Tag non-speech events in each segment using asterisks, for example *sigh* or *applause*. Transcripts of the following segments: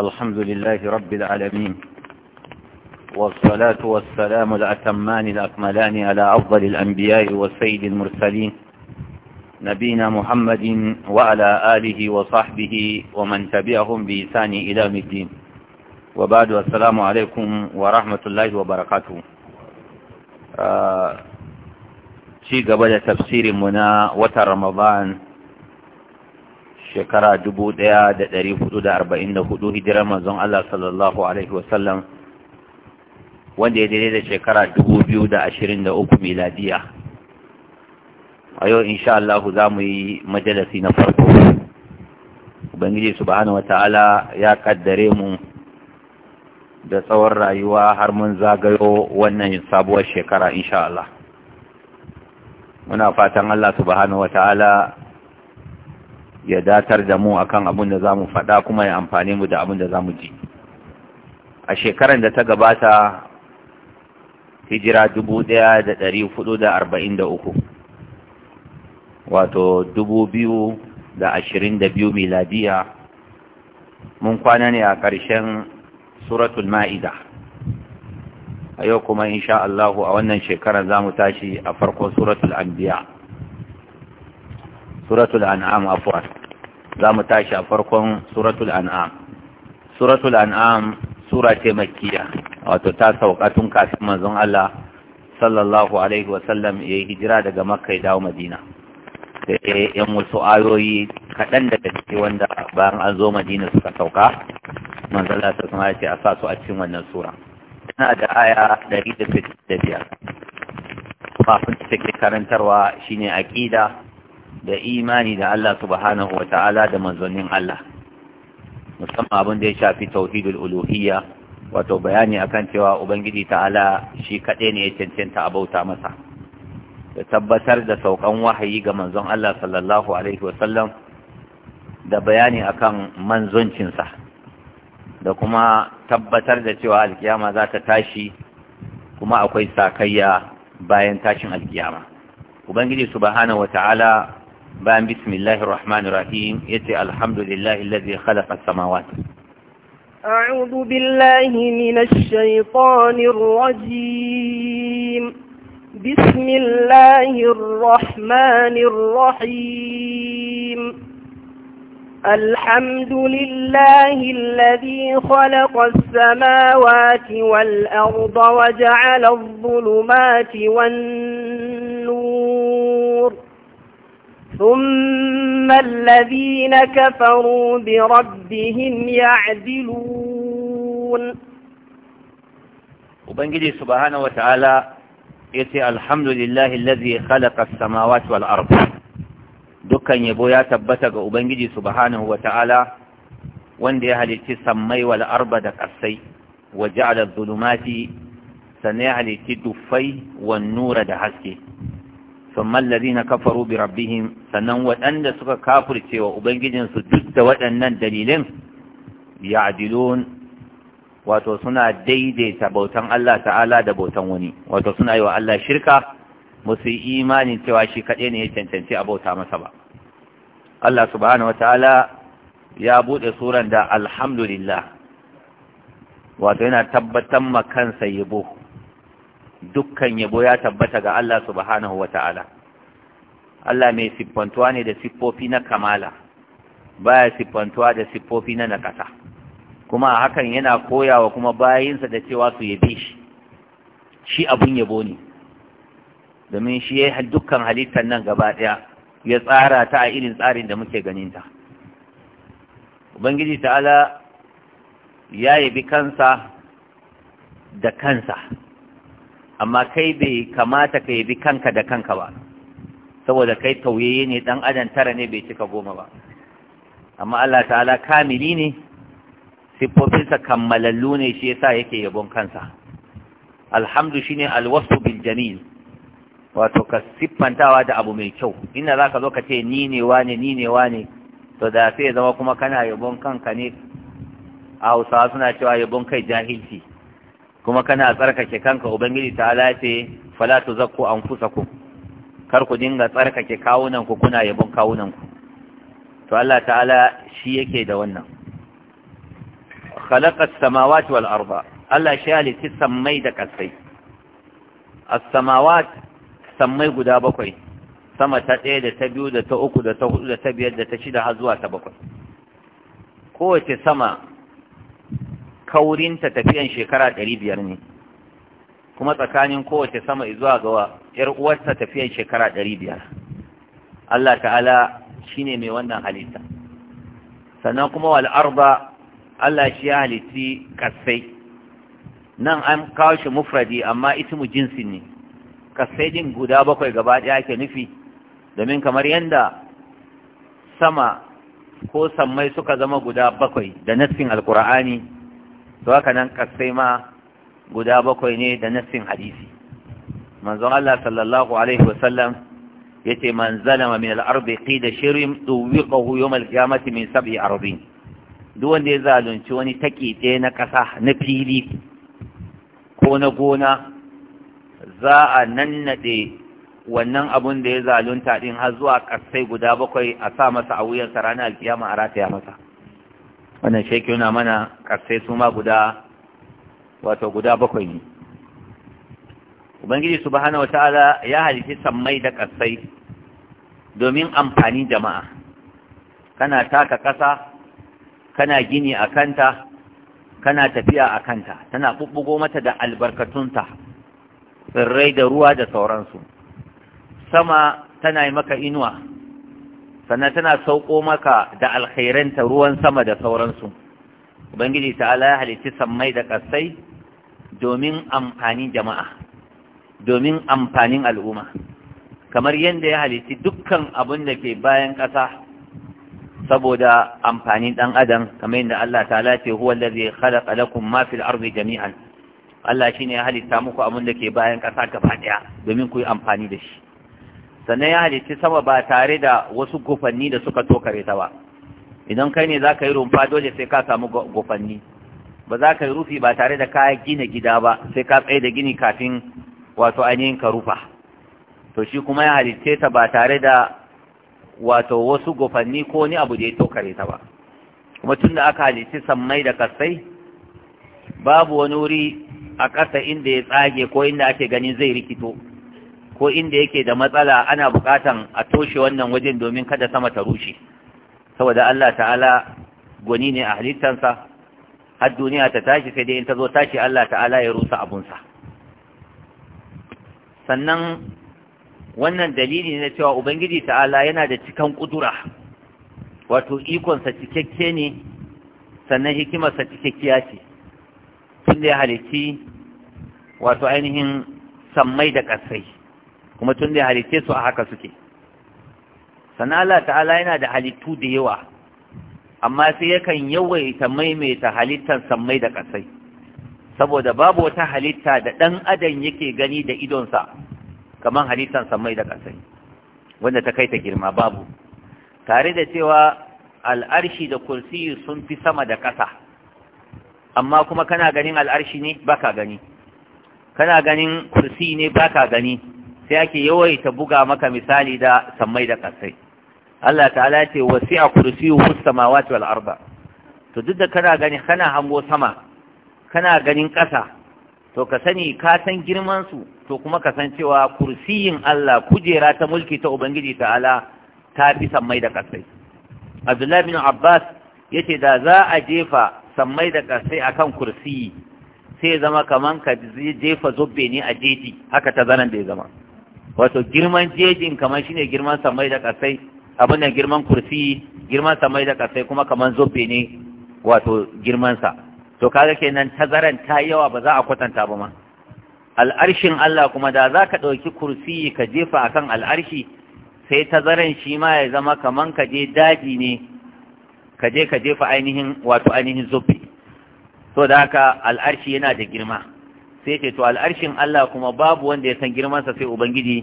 الحمد لله رب العالمين والصلاة والسلام الأتمان الأكملان على أفضل الأنبياء والسيد المرسلين نبينا محمد وعلى آله وصحبه ومن تبعهم بإسان إلى الدين وبعد السلام عليكم ورحمة الله وبركاته آه، شيء قبل تفسير منا وتر رمضان shekara 1444 hijirar mazan Allah sallallahu alaihi wasallam wanda ya daidai da shekara da ashirin 2023 miladiya a yau insha Allah za mu yi majalasi na farko ubangiji subhanahu ta'ala ya kaddare mu da tsawon rayuwa har mun zagayo wannan sabuwar shekara insha Allah muna fatan Allah subhanahu ta'ala) ya datar da mu akan abin da za mu faɗa kuma ya amfani mu da abin da za mu ji a shekarar da ta gabata hijira dubu ɗaya da ɗari hudu da arba'in da uku wato dubu biyu da ashirin da biyu miladiya mun kwana ne a ƙarshen suratul ma'ida a yau kuma insha Allahu a wannan shekarar za mu tashi a farkon suratul anbiya suratul an'am afwan za mu tashi a farkon suratul an'am suratul an'am sura ce makkiya wato ta sauka tun kafin manzon Allah sallallahu alaihi wa sallam ya yi hijira daga makka ya dawo madina sai yan wasu ayoyi kaɗan daga ciki wanda bayan an zo madina suka sauka manzon Allah ta sama ya ce a sa su a cikin wannan sura tana da aya 165 kuma da take karantarwa shine aqida da imani da Allah subhanahu wa ta'ala da manzonin Allah musamman abin da ya shafi tauhidul uluhiyya wato bayani akan cewa ubangiji ta'ala shi kaɗai ne ya cancanta a bauta masa da tabbatar da saukan wahayi ga manzon Allah sallallahu alaihi wasallam da bayani akan manzoncinsa da kuma tabbatar da cewa alkiyama za ta tashi kuma akwai sakayya bayan tashin alkiyama وبنجي سبحانه وتعالى بان بسم الله الرحمن الرحيم يتي الحمد لله الذي خلق السماوات أعوذ بالله من الشيطان الرجيم بسم الله الرحمن الرحيم الحمد لله الذي خلق السماوات والأرض وجعل الظلمات والنار ثم الذين كفروا بربهم يعدلون وبنجي سبحانه وتعالى يتي الحمد لله الذي خلق السماوات والأرض dukkan yabo ya tabbata ga Ubangiji subhanahu wa ta'ala wanda ya halitti sammai wal arba da ƙasai wa ja'ala zulumati ya halitti dufai wa nura da haske thumma alladhina kafaru bi rabbihim sannan waɗanda suka kafirce ubangijinsu duk da waɗannan dalilin ya'dilun wato suna daidaita bautan Allah ta'ala da bautan wani wato suna yi wa Allah shirka musu imani cewa shi kaɗai ne ya cancanci a bauta masa ba Allah subhanahu wataala ya buɗe suran da alhamdulillah wato yana tabbatar ma kansa yabo dukkan yabo ya tabbata ga Allah subhanahu ta'ala Allah mai siffantuwa ne da siffofi na kamala baya siffantuwa da siffofi na nakasa kuma hakan yana koyawa kuma bayinsa da cewa su yabe shi shi abun yabo ne domin shi ya yi dukkan halittar nan gaba ɗaya ya tsara ta a irin tsarin da muke ganinta ubangiji ta'ala ya yabi kansa da kansa amma kai bai kamata ka yabi kanka da kanka ba saboda kai tauyayye ne dan adam tara ne bai cika goma ba amma Allah ta'ala kamili ne siffofinsa kammalallu ne shi yasa yake yabon kansa alhamdu shine alwasu bil jamil wato ka siffantawa da abu mai kyau inda zaka zo ka ce ni ne wane ni ne wane to da sai ya zama kuma kana yabon kanka ne a Hausawa suna cewa yabon kai jahilci kuma kana tsarkake kanka ubangiji ta alafe fala tu zakku anfusakum kar ku dinga tsarkake kawunan ku kuna yabon kawunan ku to Allah ta'ala shi yake da wannan khalaqas samawati wal arda Allah shi ya liti sammai da kasai as-samawat sammai guda bakwai sama ta ɗaya da ta biyu da ta uku da ta hudu da ta biyar da ta shida har zuwa ta bakwai kowace sama kaurinta tafiyan shekara ɗari biyar ne kuma tsakanin kowace sama zuwa ga ‘yar uwarsa tafiyan shekara ɗari biyar Allah ta'ala shi ne mai wannan halitta sannan kuma wal'arba Allah shi ya halitti kasai nan an kawo shi mufradi amma itimu jinsi ne kasai din guda bakwai gaba ɗaya ake nufi domin kamar yadda sama ko sammai suka zama guda bakwai da nassin alkur'ani to haka nan kasai ma guda bakwai ne da nassin hadisi manzon Allah sallallahu alaihi wasallam yace man zalama min al-ardi qida shirim tuwiqahu yawm al-qiyamati min sab'i arbin duk wanda ya zalunci wani taƙiɗe na ƙasa na fili ko na gona za a nade wannan abun da ya zalunta din har zuwa kasai guda bakwai a sa masa a wuyarsa ranar qiyama a rataya masa wannan sheki yana mana ƙarsai su ma guda wato guda bakwai ne ubangiji subhanahu wata'ala ya halitta sammai da ƙarsai domin amfani jama'a kana taka ƙasa kana gini a kanta kana tafiya a kanta tana bubbugo mata da albarkatunta tsirrai da ruwa da sauransu sama tana yi maka inuwa sannan tana sauko maka da alkhairanta ruwan sama da sauransu ubangiji ta'ala ya halitti sammai da kasai domin amfanin jama'a domin amfanin al'umma kamar yadda ya halitti dukkan abin da ke bayan ƙasa saboda amfanin ɗan adam kamar yadda Allah ta'ala ce huwa allazi khalaqa lakum ma fil ardi jami'an Allah shine ya halitta muku abin da ke bayan ƙasa gaba ɗaya domin ku yi amfani da shi sannan ya halicci sama ba tare da wasu gufanni da suka tokare ta ba idan kai ne za ka yi rumfa dole sai ka samu gufanni ba za ka yi rufi ba tare da ka gina gida ba sai ka tsaye da gini kafin wato ainihin ka rufa to shi kuma ya halicce ta ba tare da wato wasu gufanni ko wani abu da ya tokare ta ba kuma tun da aka halicci sammai da kasai babu wani wuri a kasa inda ya tsage ko inda ake ganin zai rikito ko inda yake da matsala ana bukatan a toshe wannan wajen domin kada sama ta rushe saboda Allah ta'ala gwani ne a halittansa har duniya ta tashi sai dai in ta zo tashi Allah ta'ala ya rusa abunsa sannan wannan dalili ne cewa ubangiji ta'ala yana da cikan kudura wato ikonsa cikakke ne sannan hikimarsa cikakkiya ce tun da ya halitti wato ainihin sammai da ƙasai kuma tun da halitte su a haka suke sannan Allah ta'ala yana da halittu da yawa amma sai yakan yawaita maimaita halittar sammai da ƙasai saboda babu wata halitta da ɗan adam yake gani da idonsa kamar halittar sammai da ƙasai wanda ta kai ta girma babu tare da cewa al'arshi da kursi sun fi sama da ƙasa amma kuma kana ganin al'arshi ne baka gani kana ganin kursi ne baka gani sai ake yawaita buga maka misali da sammai da kasai Allah ta'ala ce wasi'a kursiyuhu samawati wal arda to duk da kana gani kana hango sama kana ganin kasa, to ka sani ka san girman su to kuma ka san cewa kursiyin Allah kujera ta mulki ta ubangiji ta'ala ta fi sammai da kasai Abdullahi bin Abbas yace da za a jefa sammai da kasai akan kursiyi sai zama kamar ka jefa zobbe ne a jeji haka ta zanan da ya zama wato girman jejin kamar shine girman samai da kasai abin da girman kursi girman samai da kasai kuma kamar zobe ne wato girmansa to kaga kenan tazaran ta yawa ba za a kwatanta ba ma al'arshin Allah kuma da za ka ɗauki kursi ka jefa akan al'arshi sai tazaran shi ma ya zama kaman ka je daji ne ka je ka jefa ainihin wato ainihin zobe to da haka al'arshi yana da girma sai ce to al'arshin Allah kuma babu wanda ya san girmansa sai Ubangiji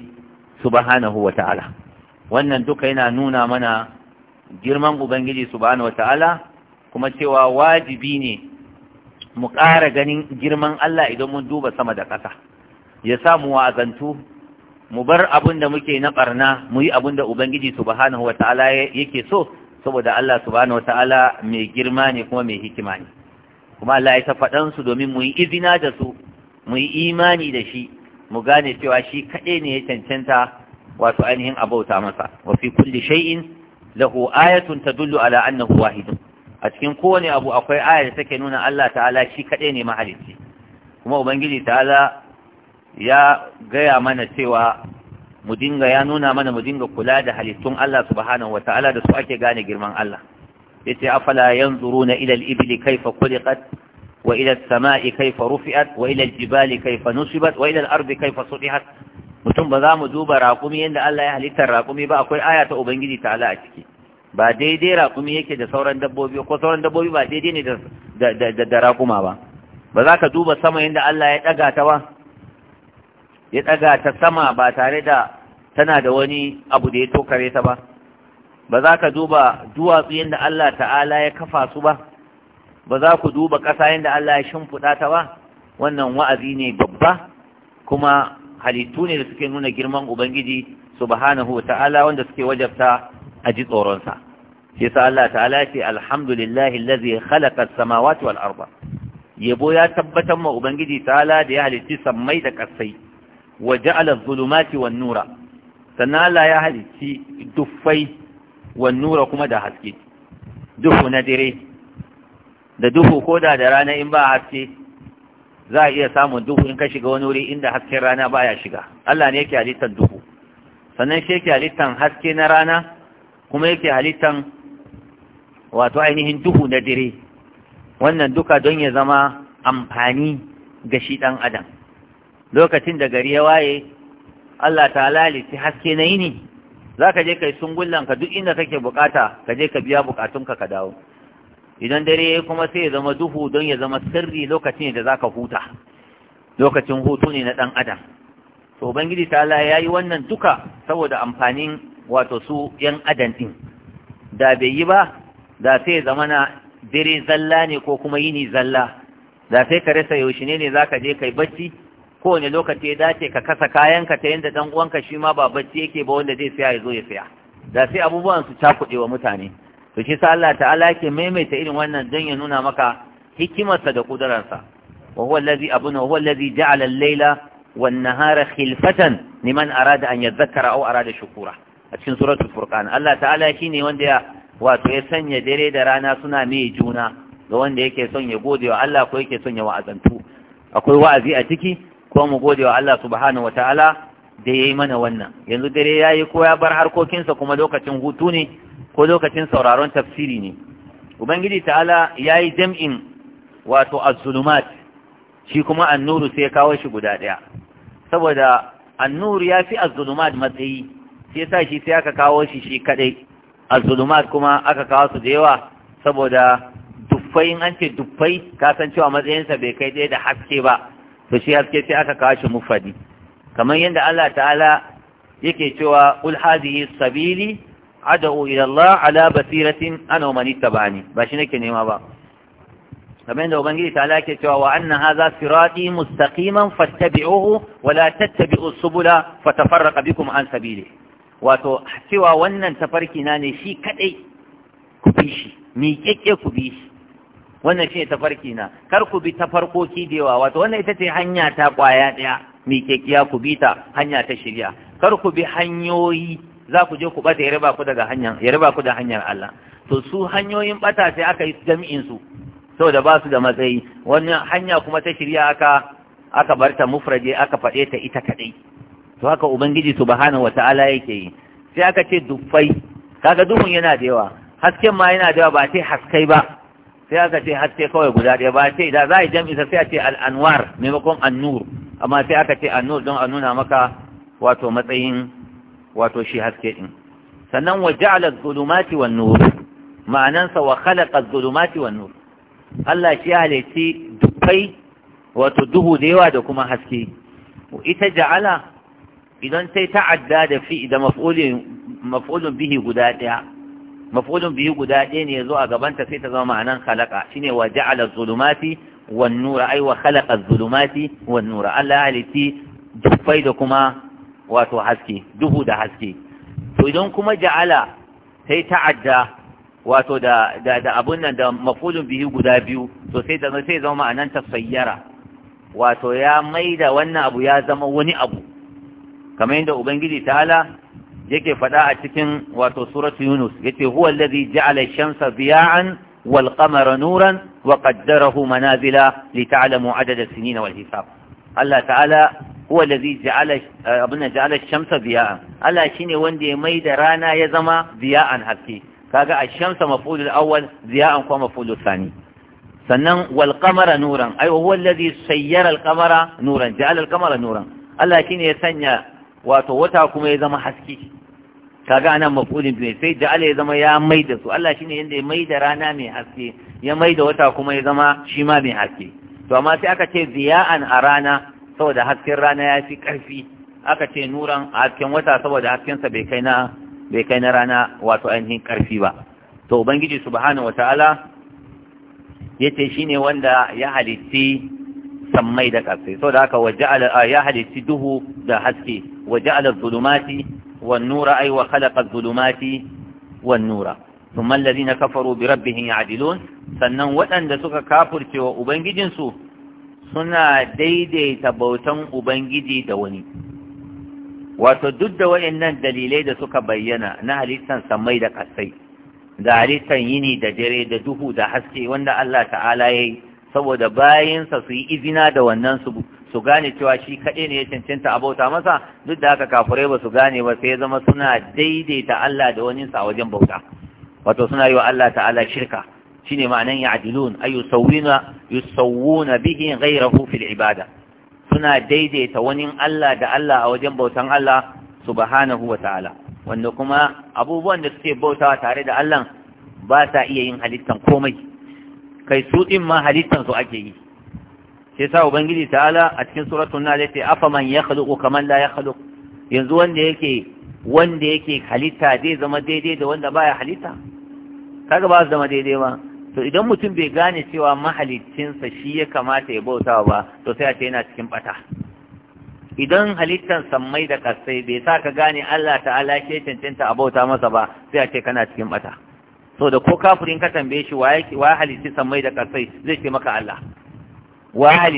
subhanahu wa ta'ala wannan duka yana nuna mana girman Ubangiji subhanahu wa ta'ala kuma cewa wajibi ne mu ƙara ganin girman Allah idan mun duba sama da ƙasa ya sa mu wa'azantu mu bar abin da muke na ƙarna mu yi abin da Ubangiji subhanahu wa ta'ala yake so saboda Allah subhanahu wa ta'ala mai girma ne kuma mai hikima ne kuma Allah ya ta faɗansu domin mu yi izina da su mu yi imani da shi mu gane cewa shi kaɗai ne ya cancanta wato ainihin abauta masa wa fi kulli shay'in lahu ayatun tadullu ala annahu wahidun a cikin kowane abu akwai aya da take nuna Allah ta'ala shi kaɗai ne mahalicci kuma ubangiji ta'ala ya gaya mana cewa mu dinga ya nuna mana mu dinga kula da halittun Allah subhanahu wa ta'ala da su ake gane girman Allah yace afala yanzuruna ila al-ibli kayfa khuliqat وإلى السماء كيف رفعت وإلى الجبال كيف نصبت وإلى الأرض كيف سطحت mutum ba za mu duba raƙumi yadda Allah ya halittar raƙumi ba akwai aya ta Ubangiji ta Ala a ciki ba daidai raƙumi yake da sauran dabbobi ko sauran dabbobi ba daidai ne da da raƙuma ba ba za ka duba sama yadda Allah ya ɗaga ta ba ya ɗaga ta sama ba tare da tana da wani abu da ya tokare ta ba ba za ka duba duwatsu yadda Allah ta'ala ya kafa su ba ba za ku duba ƙasa yadda Allah ya shimfiɗa ta ba wannan wa'azi ne babba kuma halittu ne da suke nuna girman Ubangiji subhanahu wa ta'ala wanda suke wajabta a ji tsoronsa sai sa Allah ta'ala ce alhamdulillahi allazi khalaqa as-samawati wal arda yabo ya tabbatar ma Ubangiji ta'ala da ya halitti sammai da ƙasai wa ja'ala adh wan nura sannan Allah ya halitti duffai wan nura kuma da haske duhu na dire da duhu ko da da rana in ba haske za a iya samun duhu in ka shiga wani wuri inda hasken rana baya shiga Allah ne yake halittar duhu sannan shi yake halittar haske na rana kuma yake halittar wato ainihin duhu na dire wannan duka don ya zama amfani ga shi ɗan adam lokacin da gari ya waye Allah ta lalice haske na yini za ka je kai sungullanka duk inda kake bukata ka je ka biya bukatunka ka dawo idan dare ya kuma sai ya zama duhu don ya zama sirri lokacin da zaka huta lokacin hutu ne na dan adam to ubangiji ta'ala ya yi wannan duka saboda amfanin wato su yan adam din da bai yi ba da sai zama na dare zalla ne ko kuma yini zalla da sai ka rasa yaushe ne ne zaka je kai bacci Ko kowane lokaci ya dace ka kasa kayanka ta yanda dan uwanka shi ma ba bacci yake ba wanda zai saya ya zo ya saya da sai abubuwan su cakuɗe wa mutane to shi sa Allah ta'ala yake maimaita irin wannan don ya nuna maka hikimarsa da kudararsa wa huwa allazi abuna wa huwa allazi ja'ala al-laila wan nahara khilfatan liman arada an yadhakkara aw arada shukura a cikin suratul furqan Allah ta'ala shine wanda ya wato ya sanya dare da rana suna mai juna ga wanda yake son ya gode wa Allah ko yake son ya wa'azantu akwai wa'azi a ciki ko mu gode wa Allah subhanahu wataala da yayi mana wannan yanzu dare yayi ko ya bar harkokinsa kuma lokacin hutu ne ko lokacin sauraron tafsiri ne ubangiji ta'ala yayi jam'in wato az-zulumat shi kuma an-nuru ya kawo shi guda daya saboda an ya fi az-zulumat matsayi sai yasa shi sai aka kawo shi shi kadai az-zulumat kuma aka kawo su da yawa saboda duffai in an ce duffai ka san cewa matsayinsa bai kai dai da haske ba to shi haske sai aka kawo shi mufadi kamar yadda Allah ta'ala yake cewa ul hadhihi sabili ad'u ila Allah ala basiratin ana wa man ittaba'ani ba shi nake nema ba kamar da ubangiji ta ke cewa wa anna hadha sirati mustaqiman fattabi'uhu wa la tattabi'u subula fatafarraqa bikum an sabili wato cewa wannan tafarki ne shi kadai ku bi shi mi ku bi shi wannan shine tafarki na kar ku bi tafarkoki da yawa wato wannan ita ce hanya ta kwaya daya mi kekkiya ku bi ta hanya ta shirya kar ku bi hanyoyi za ku je ku bata ya riba ku daga hanyar ya riba ku da hanyar Allah to su hanyoyin bata sai aka yi jami'in su saboda ba su da matsayi wannan hanya kuma ta shirya aka aka bar ta mufraje aka faɗe ta ita kaɗai to haka ubangiji subhanahu wata'ala yake yi sai aka ce duffai kaga duhun yana da yawa hasken ma yana da yawa ba sai haskai ba sai aka ce haske kawai guda ɗaya ba sai da za a yi jam'i sai a ce al'anwar maimakon annur amma sai aka ce annur don a nuna maka wato matsayin wato shi haske din sannan wa ja'ala adh-dhulumati wan nur ma'anansa wa khalaqa adh-dhulumati wan nur Allah shi halitti dukkai wato duhu da yawa da kuma haske ita ja'ala idan sai ta'adda da fi da maf'ulin maf'ulun bihi guda daya maf'ulun bihi guda daya ne yazo a gaban ta sai ta zama ma'anan khalaqa shine wa ja'ala adh-dhulumati wan nur ay wa khalaqa adh-dhulumati wan nur Allah halitti dukkai da kuma wato haske duhu da haske to idan kuma ja'ala sai ta'adda wato da da da abun nan da mafulun bihi guda biyu to sai da sai zama anan tasayyara wato ya maida wannan abu ya zama wani abu kamar yadda ubangiji ta'ala yake faɗa a cikin wato suratu yunus yace huwa allazi ja'ala ash-shamsa diya'an wal qamara nuran wa qaddarahu manazila li adada sinina wal hisab Allah ta'ala huwa allazi ja'ala abuna ja'ala shamsa diya'an Allah shine wanda ya maida rana ya zama diya'an haske kaga ash-shamsa maf'ulul awwal diya'an kuma maf'ulul thani sannan walƙamara nuran ay huwa allazi sayyara alƙamara nuran ja'ala al nuran Allah shine ya sanya wato wata kuma ya zama haske kaga anan mafudin bi sai ja'ala ya zama ya maida su Allah shine yanda ya maida rana mai haske ya maida wata kuma ya zama shi ma mai haske to amma sai aka ce diya'an a rana saboda hasken rana ya fi ƙarfi aka ce nuran a hasken wata saboda haskensa bai kai na kai na rana wato ainihin ƙarfi ba to ubangiji subhanahu wataala yace shine wanda ya halitti sammai da ƙarfi saboda haka ya halitti duhu da haske waja'ala zulumati wan nura ay wa khalaqa zulumati wan nura thumma alladhina kafaru bi rabbihim ya'dilun sannan waɗanda suka kafurce wa ubangijinsu suna daidaita bautan ubangiji da wani wato duk da waɗannan dalilai da suka bayyana na halittan samai da kasai da halittan yini da dare da duhu da haske wanda Allah ta'ala ya yi saboda bayansa su yi izina da wannan su su gane cewa shi kaɗai ne ya cancanta a bauta masa duk da haka kafurai ba su gane ba sai ya zama suna daidaita Allah da wani a wajen bauta wato suna yi wa Allah ta'ala shirka shine ma'anan ya'dilun ayu yusawwina yusawwuna bihi ghayrahu fil ibada suna daidaita wani Allah da Allah a wajen bautan Allah subhanahu wa ta'ala wanda kuma abubuwan da suke bautawa tare da Allah ba sa iya yin halittan komai kai su din ma halittan su ake yi sai sa ubangiji ta'ala a cikin suratul nahl yace afaman yakhluqu kaman la yakhluq yanzu wanda yake wanda yake halitta zai zama daidai da wanda baya halitta kaga ba su zama daidai ba to idan mutum bai gane cewa mahaliccinsa shi ya kamata ya bauta ba to sai a ce yana cikin bata idan halittar sammai da kasai bai sa ka gane Allah ta'ala ke cancanta a bauta masa ba sai a ce kana cikin bata so da ko kafirin ka tambaye shi wa ya halitti sammai da kasai zai ce maka Allah wa ya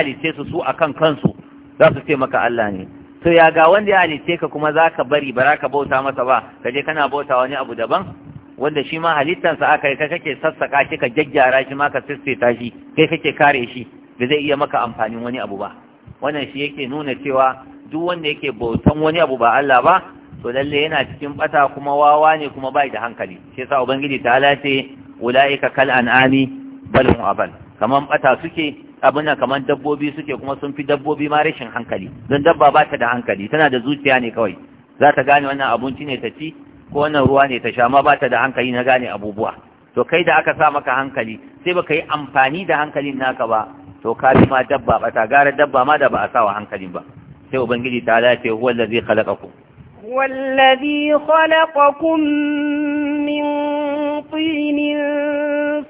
halitte su su akan kansu za su ce maka Allah ne to ya ga wanda ya halitte ka kuma za ka bari ba za ka bauta masa ba ka je kana bauta wani abu daban wanda shi ma halittansa aka yi kake sassaka shi ka jajjara shi ma ka sisseta shi kai kake kare shi da zai iya maka amfanin wani abu ba wannan shi yake nuna cewa duk wanda yake bautan wani abu ba Allah ba to lalle yana cikin bata kuma wawa ne kuma bai da hankali shi yasa ubangiji ta halace ulaika kal an'ami bal hum abal kaman bata suke abin nan kaman dabbobi suke kuma sun fi dabbobi ma rashin hankali don dabba ba ta da hankali tana da zuciya ne kawai za ta gane wannan abinci ne ta ci ko wannan ruwa ne ta sha ma ba ta da hankali na gane abubuwa to kai da aka sa maka hankali sai baka yi amfani da hankalin naka ba to ka bi ma dabba bata gara dabba ma da ba a sawa hankalin ba sai ubangiji ta lace huwa zai khalaqakum ku. allazi khalaqakum min tinin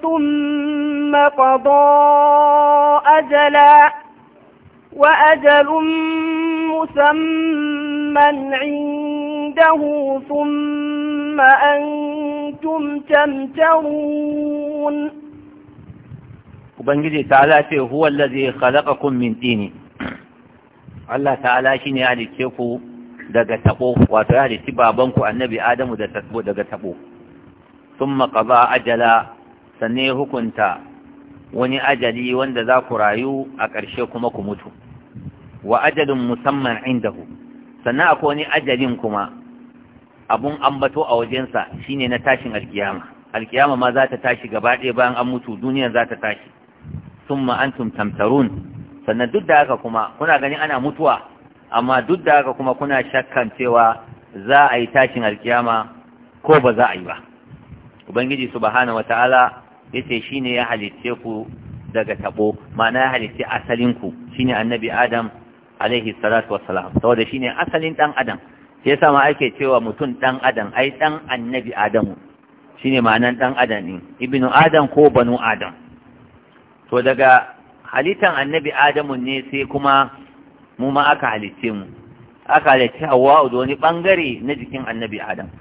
thumma qada ajala وأجل مسمى عنده ثم أنتم تمترون Ubangiji ta'ala ce huwa allazi khalaqakum min tini Allah ta'ala shine ya halice ku daga tabo wato ya halici babanku annabi Adamu da tabo daga tabo thumma qada ajala sanne hukunta wani ajali wanda za ku rayu a ƙarshe kuma ku mutu wa ajalin musamman indahu sannan akwai wani ajalin kuma abun ambato a wajensa shine na tashin alkiyama alkiyama ma za ta tashi gaba ɗaya bayan an mutu duniyar za ta tashi sun antum tamtarun sannan duk da haka kuma kuna gani ana mutuwa amma duk da haka kuma kuna shakkan cewa za a yi tashin alkiyama ko ba za a yi ba ubangiji subhanahu wataala yace shine ya halicce ku daga tabo ma'ana ya halicce asalin ku shine annabi adam alaihi salatu wassalam saboda shine asalin dan adam sai sama ake cewa mutum dan adam ai dan annabi adamu shine ma'anan dan adam din ibnu adam ko banu adam to daga halittan annabi adamu ne sai kuma mu ma aka halicce mu aka halitte hawa da wani bangare na jikin annabi adam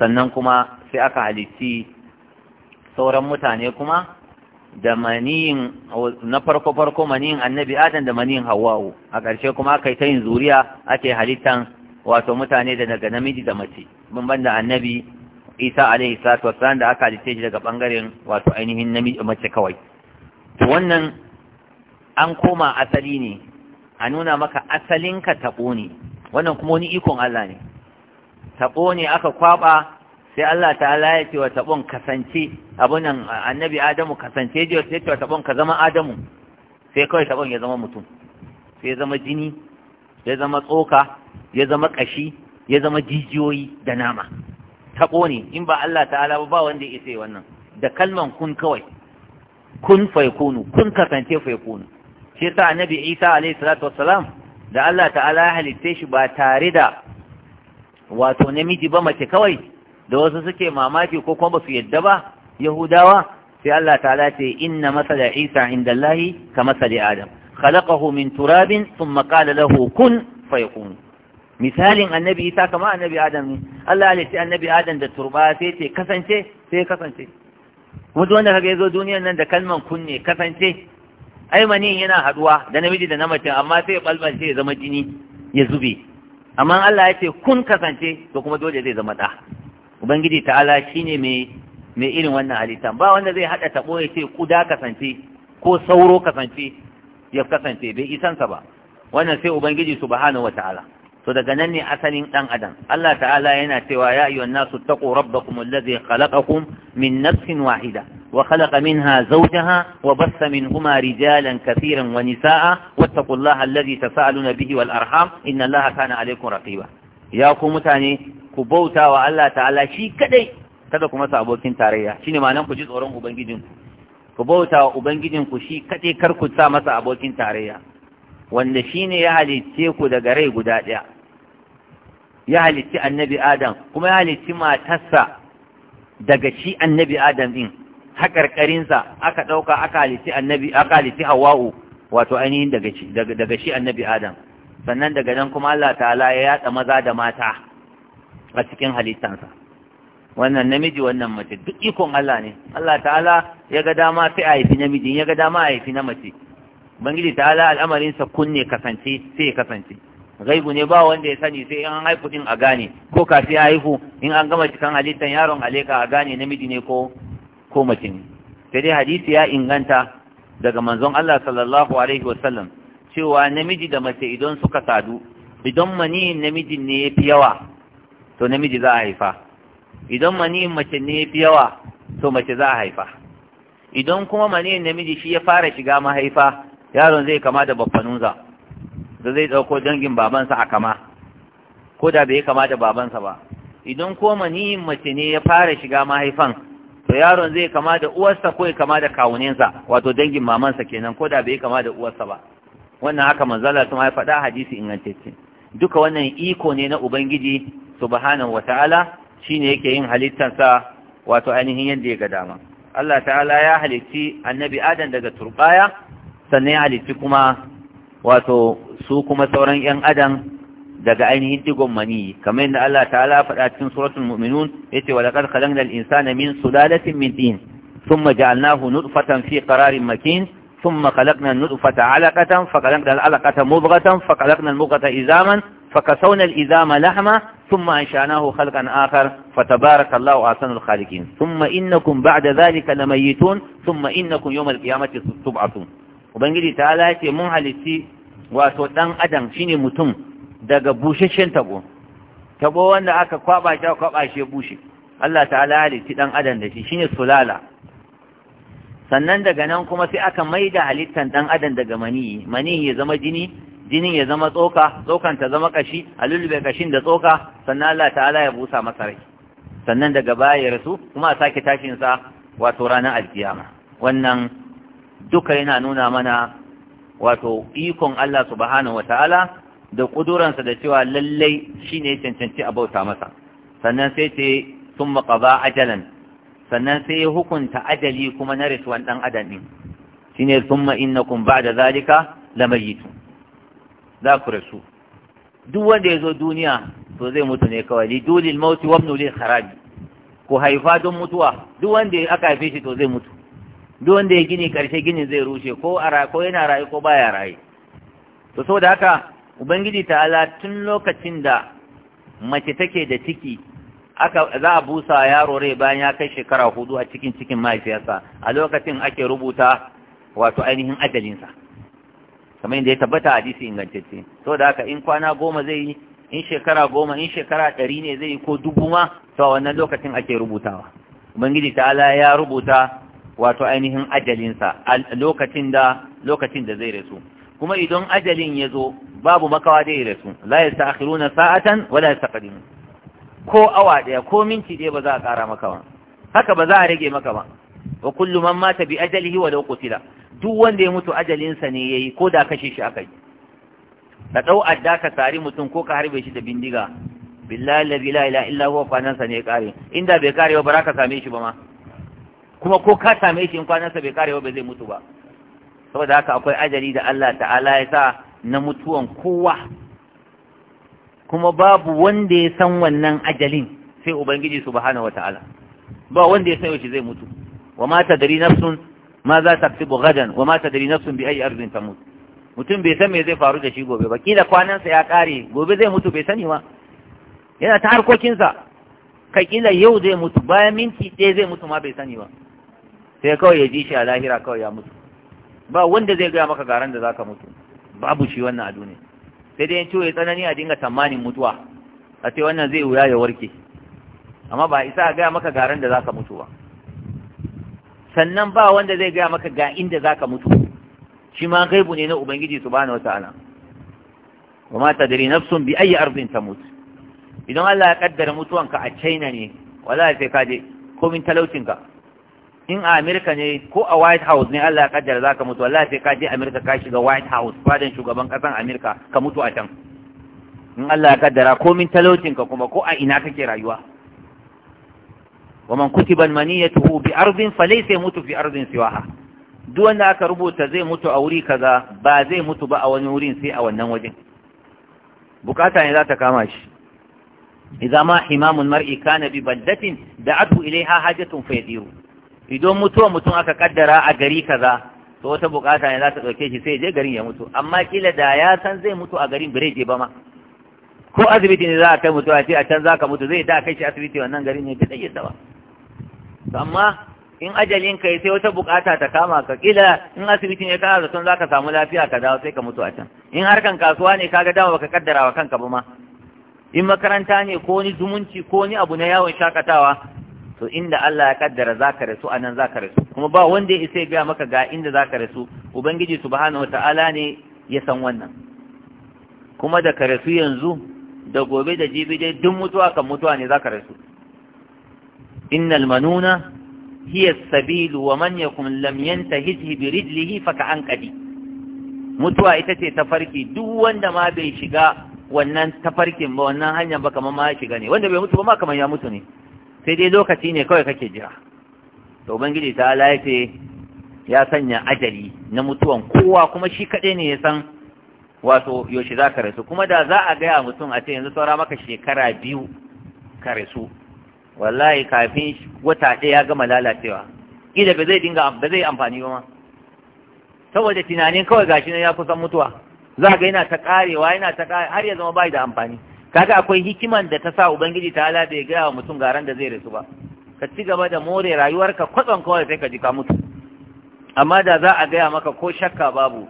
sannan kuma sai aka halicci sauran mutane kuma da maniyin na farko farko maniyin annabi adam da maniyin hawa'u a ƙarshe kuma aka yi ta yin zuriya ake halittan wato mutane da daga namiji da mace bambam da annabi isa alaihi salatu wassalam da aka halitte shi daga bangaren wato ainihin namiji mace kawai to wannan an koma asali ne a nuna maka asalinka taɓo ne wannan kuma wani ikon Allah ne taɓo ne aka kwaɓa. sai Allah ta'ala ya ce wa taɓon kasance abunan annabi adamu kasance ya ce wa taɓon ka zama adamu sai kawai taɓon ya zama mutum sai ya zama jini ya zama tsoka ya zama ƙashi, ya zama jijiyoyi da nama Ta ne in ba Allah ta'ala ba wanda ya isa wannan da kalman kun kawai kun faikunu kun kasance faikunu shi sa annabi Isa alaihi salatu wassalam da Allah ta'ala ya halitta shi ba tare da wato namiji ba mace kawai da wasu suke mamaki ko kuma ba su yadda ba yahudawa sai Allah ta'ala ce inna masala isa inda Allah ka masali adam khalaqahu min turabin thumma qala lahu kun fayakun misalin annabi isa kama annabi adam ne Allah ya ce annabi adam da turba sai ce kasance sai kasance wanda wanda kaga yazo duniyar nan da kalman kun ne kasance ai mani yana haduwa da namiji da namace amma sai balbalce ya zama jini ya zube amma Allah ya ce kun kasance to kuma dole zai zama da ubangiji ta'ala shine mai mai irin wannan halitta ba wanda zai haɗa tabo ya ce kuda kasance ko sauro kasance ya kasance bai isansa ba wannan sai ubangiji subhanahu ta'ala. to daga nan ne asalin dan adam Allah ta'ala yana cewa ya ayyuhan nasu taqu rabbakum alladhi khalaqakum min nafsin wahida wa khalaqa minha zaujaha wa min minhuma rijalan sa'a wa nisaa wattaqullaha alladhi tasaaluna bihi wal arham inna allaha kana alaykum raqiba ya ku mutane ku bauta wa Allah ta'ala shi kadai kada ku masa abokin tarayya shine nan ku ji tsoron ubangijinku ku bauta wa ubangijinku shi kadai kar ku sa masa abokin tarayya wanda shine ya halicce ku daga rai guda ɗaya ya halicci annabi adam kuma ya halicci matarsa daga shi annabi adam din haƙarƙarinsa aka ɗauka aka halicci annabi aka halicci hawa'u wato ainihin daga shi daga shi annabi adam sannan daga nan kuma Allah ta'ala ya yatsa maza da mata a cikin halittansa wannan namiji wannan mace duk ikon Allah ne Allah ta'ala ya ga dama sai a haifi namiji ya ga dama a haifi na mace bangiji ta'ala al'amarinsa kunne kasance sai kasance gaibu ne ba wanda ya sani sai an haifu din a gane ko kafi a haihu in an gama cikin halittan yaron aleka a gane namiji ne ko ko mace ne sai dai hadisi ya inganta daga manzon Allah sallallahu alaihi wasallam cewa namiji da mace idan suka sadu idan maniyin namijin ne ya fi yawa to namiji za a haifa idan mani mace ne fi yawa to mace za a haifa idan kuma mani namiji shi ya fara shiga mahaifa yaron zai kama da baffanunsa da zai dauko dangin babansa a kama ko da bai kama da babansa ba idan ko mani mace ne ya fara shiga mahaifan to yaron zai kama da uwarsa ko ya kama da kawuninsa wato dangin mamansa kenan ko da bai kama da uwarsa ba wannan haka manzala sun haifa da hadisi ingantacce duka wannan iko ne na ubangiji سبحانه وتعالى شيني كيم هلي تنسى واتعنيه يندي قداما الله تعالى يا هلي تي النبي آدم دقى ترقايا سنة هلي تكما واتو سوكما سوران ين أدم دقى أين هندي قماني كمين الله تعالى فرأتين سورة المؤمنون يتي ولقد خلقنا الإنسان من سلالة من دين ثم جعلناه نطفة في قرار مكين ثم خلقنا النطفة علقة فخلقنا العلقة مضغة فخلقنا المضغة إزاما فكسونا الإزام لحمة ثم أنشأناه خلقا آخر فتبارك الله أحسن الخالقين ثم إنكم بعد ذلك لميتون ثم إنكم يوم القيامة تبعثون وبنجي تعالى يتي من هالتي واتوتان أدم شيني متم daga bushashen tabo tabo wanda aka kwaba shi kwaba shi bushe Allah ta'ala halitti dan adam da shi shine sulala sannan daga nan kuma sai aka da halittan dan adam daga mani, mani ya zama jini jinin ya zama tsoka tsokan ta zama kashi a lullube kashin da tsoka sannan Allah ta'ala ya busa masa rai sannan daga baya ya rasu kuma a sake tashin sa wato ranar alkiyama wannan duka yana nuna mana wato ikon Allah subhanahu wataala da kuduransa da cewa lallai shine ya cancanci a bauta masa sannan sai ce sun qaba ajalan sannan sai ya hukunta ajali kuma na rasuwan ɗan adam ɗin shi ne summa innakum ba da zalika lamayitu za ku rasu duk wanda ya zo duniya to zai mutu ne kawai li dulil mauti wa ibnul kharabi ku haifa don mutuwa duk wanda aka haife shi to zai mutu duk wanda ya gini karshe gini zai rushe ko a ko yana raye ko baya raye to saboda haka ubangiji ta'ala tun lokacin da mace take da ciki aka za a busa yaro rai bayan ya kai shekara hudu a cikin cikin mahaifiyarsa a lokacin ake rubuta wato ainihin ajalinsa kamar yadda ya tabbata hadisi ingantacce to da haka in kwana goma zai yi in shekara goma in shekara ɗari ne zai yi ko dubu ma to a wannan lokacin ake rubutawa ubangiji ala ya rubuta wato ainihin ajalinsa lokacin da lokacin da zai rasu kuma idan ajalin ya zo babu makawa zai rasu la kiruna sa'atan wala yastaqdimun ko awa ɗaya ko minti ɗaya ba za a ƙara maka ba haka ba za a rage maka ba wa kullu man mata bi ajalihi wa law qutila duk wanda ya mutu ajalinsa ne yayi ko da kashe shi aka yi ka dau adda ka sari mutum ko ka harbe shi da bindiga billahi la ilaha illa huwa kwanansa ne kare inda bai kare ba ka same shi ba ma kuma ko ka same shi in sa bai kare ba zai mutu ba saboda haka akwai ajali da Allah ta'ala ya sa na mutuwan kowa kuma babu wanda ya san wannan ajalin sai ubangiji subhanahu wataala ba wanda ya san shi zai mutu wa ma tadri nafsun ma za ta kasibu gadan wa ma tadri nafsun bi ayi ardin mutu, mutum bai san me zai faru da shi gobe ba kila kwanansa ya kare gobe zai mutu bai sani ba yana ta harkokinsa ka kila yau zai mutu bayan minti ɗaya zai mutu ma bai sani ba sai kawai ya ji shi a lahira kawai ya mutu ba wanda zai gaya maka garan da zaka mutu babu shi wannan a duniya sai dai ciwo ya tsanani a dinga tamanin mutuwa a ce wannan zai wuya ya warke amma ba isa a gaya maka garin da za ka mutu ba sannan ba wanda zai gaya maka ga inda ka mutu shi ma gaibu ne na ubangiji su ana. wataala wa ma na nafsun bi ayi ta mutu idan Allah ya kaddara mutuwanka a China ne wala sai ka je komin talaucinka in a Amerika ne ko a White House ne Allah ya kaddara zaka mutu wallahi sai ka je Amerika ka shiga White House fadan shugaban kasan Amerika ka mutu a can in Allah ya kaddara ko min ka kuma ko a ina kake rayuwa wa man kutiba maniyatuhu bi ardin falaysa mutu fi ardin siwaha duk wanda aka rubuta zai mutu a wuri kaza ba zai mutu ba a wani wurin sai a wannan wajen bukata ne za ta kama shi idza ma himamun mar'i kana bi baddatin da'atu ilaiha hajatun fayadiru idan mutuwa mutum aka kaddara a gari kaza to wata bukata ne za ta ɗauke shi sai je garin ya mutu amma kila da ya san zai mutu a garin bare ba ma ko asibiti ne za a kai mutuwa a ce a can za ka mutu zai da kai shi asibiti wannan garin ne ta ɗaya ba amma in ajalin kai sai wata bukata ta kama ka kila in asibiti ne kana zaton za ka samu lafiya ka dawo sai ka mutu a can in harkan kasuwa ne kaga dama baka kaddara wa kanka ba ma in makaranta ne ko ni zumunci ko ni abu na yawon shakatawa to inda Allah ya kaddara zaka rasu anan zaka rasu kuma ba wanda ya isa ya maka ga inda zaka rasu ubangiji subhanahu wataala ne ya san wannan kuma da ka rasu yanzu da gobe da jibi dai duk mutuwa kan mutuwa ne zaka rasu innal manuna hiya sabil wa man yakum lam yantahi bi rijlihi fa anqadi mutuwa ita ce farki, duk wanda ma bai shiga wannan tafarkin ba wannan hanyar ba kamar ma ya shiga ne wanda bai mutu ba ma kamar ya mutu ne sai dai lokaci ne kawai kake jira to ubangiji ta ala ya ce ya sanya ajali na mutuwan kowa kuma shi kaɗai ne ya san wato yaushe za ka rasu kuma da za a gaya mutum a ce yanzu saura maka shekara biyu ka rasu wallahi kafin wata ɗaya ya gama lalacewa kila ba zai dinga ba zai amfani ba ma saboda tunanin kawai gashi nan ya kusan mutuwa za ga yana ta karewa yana ta kare har ya zama bai da amfani kaga akwai hikiman da ta sa ubangiji ta ala bai gaya wa mutum garan da zai rasu ba ka ci gaba da more rayuwarka kwatsan kawai sai ka ji ka mutu amma da za a gaya maka ko shakka babu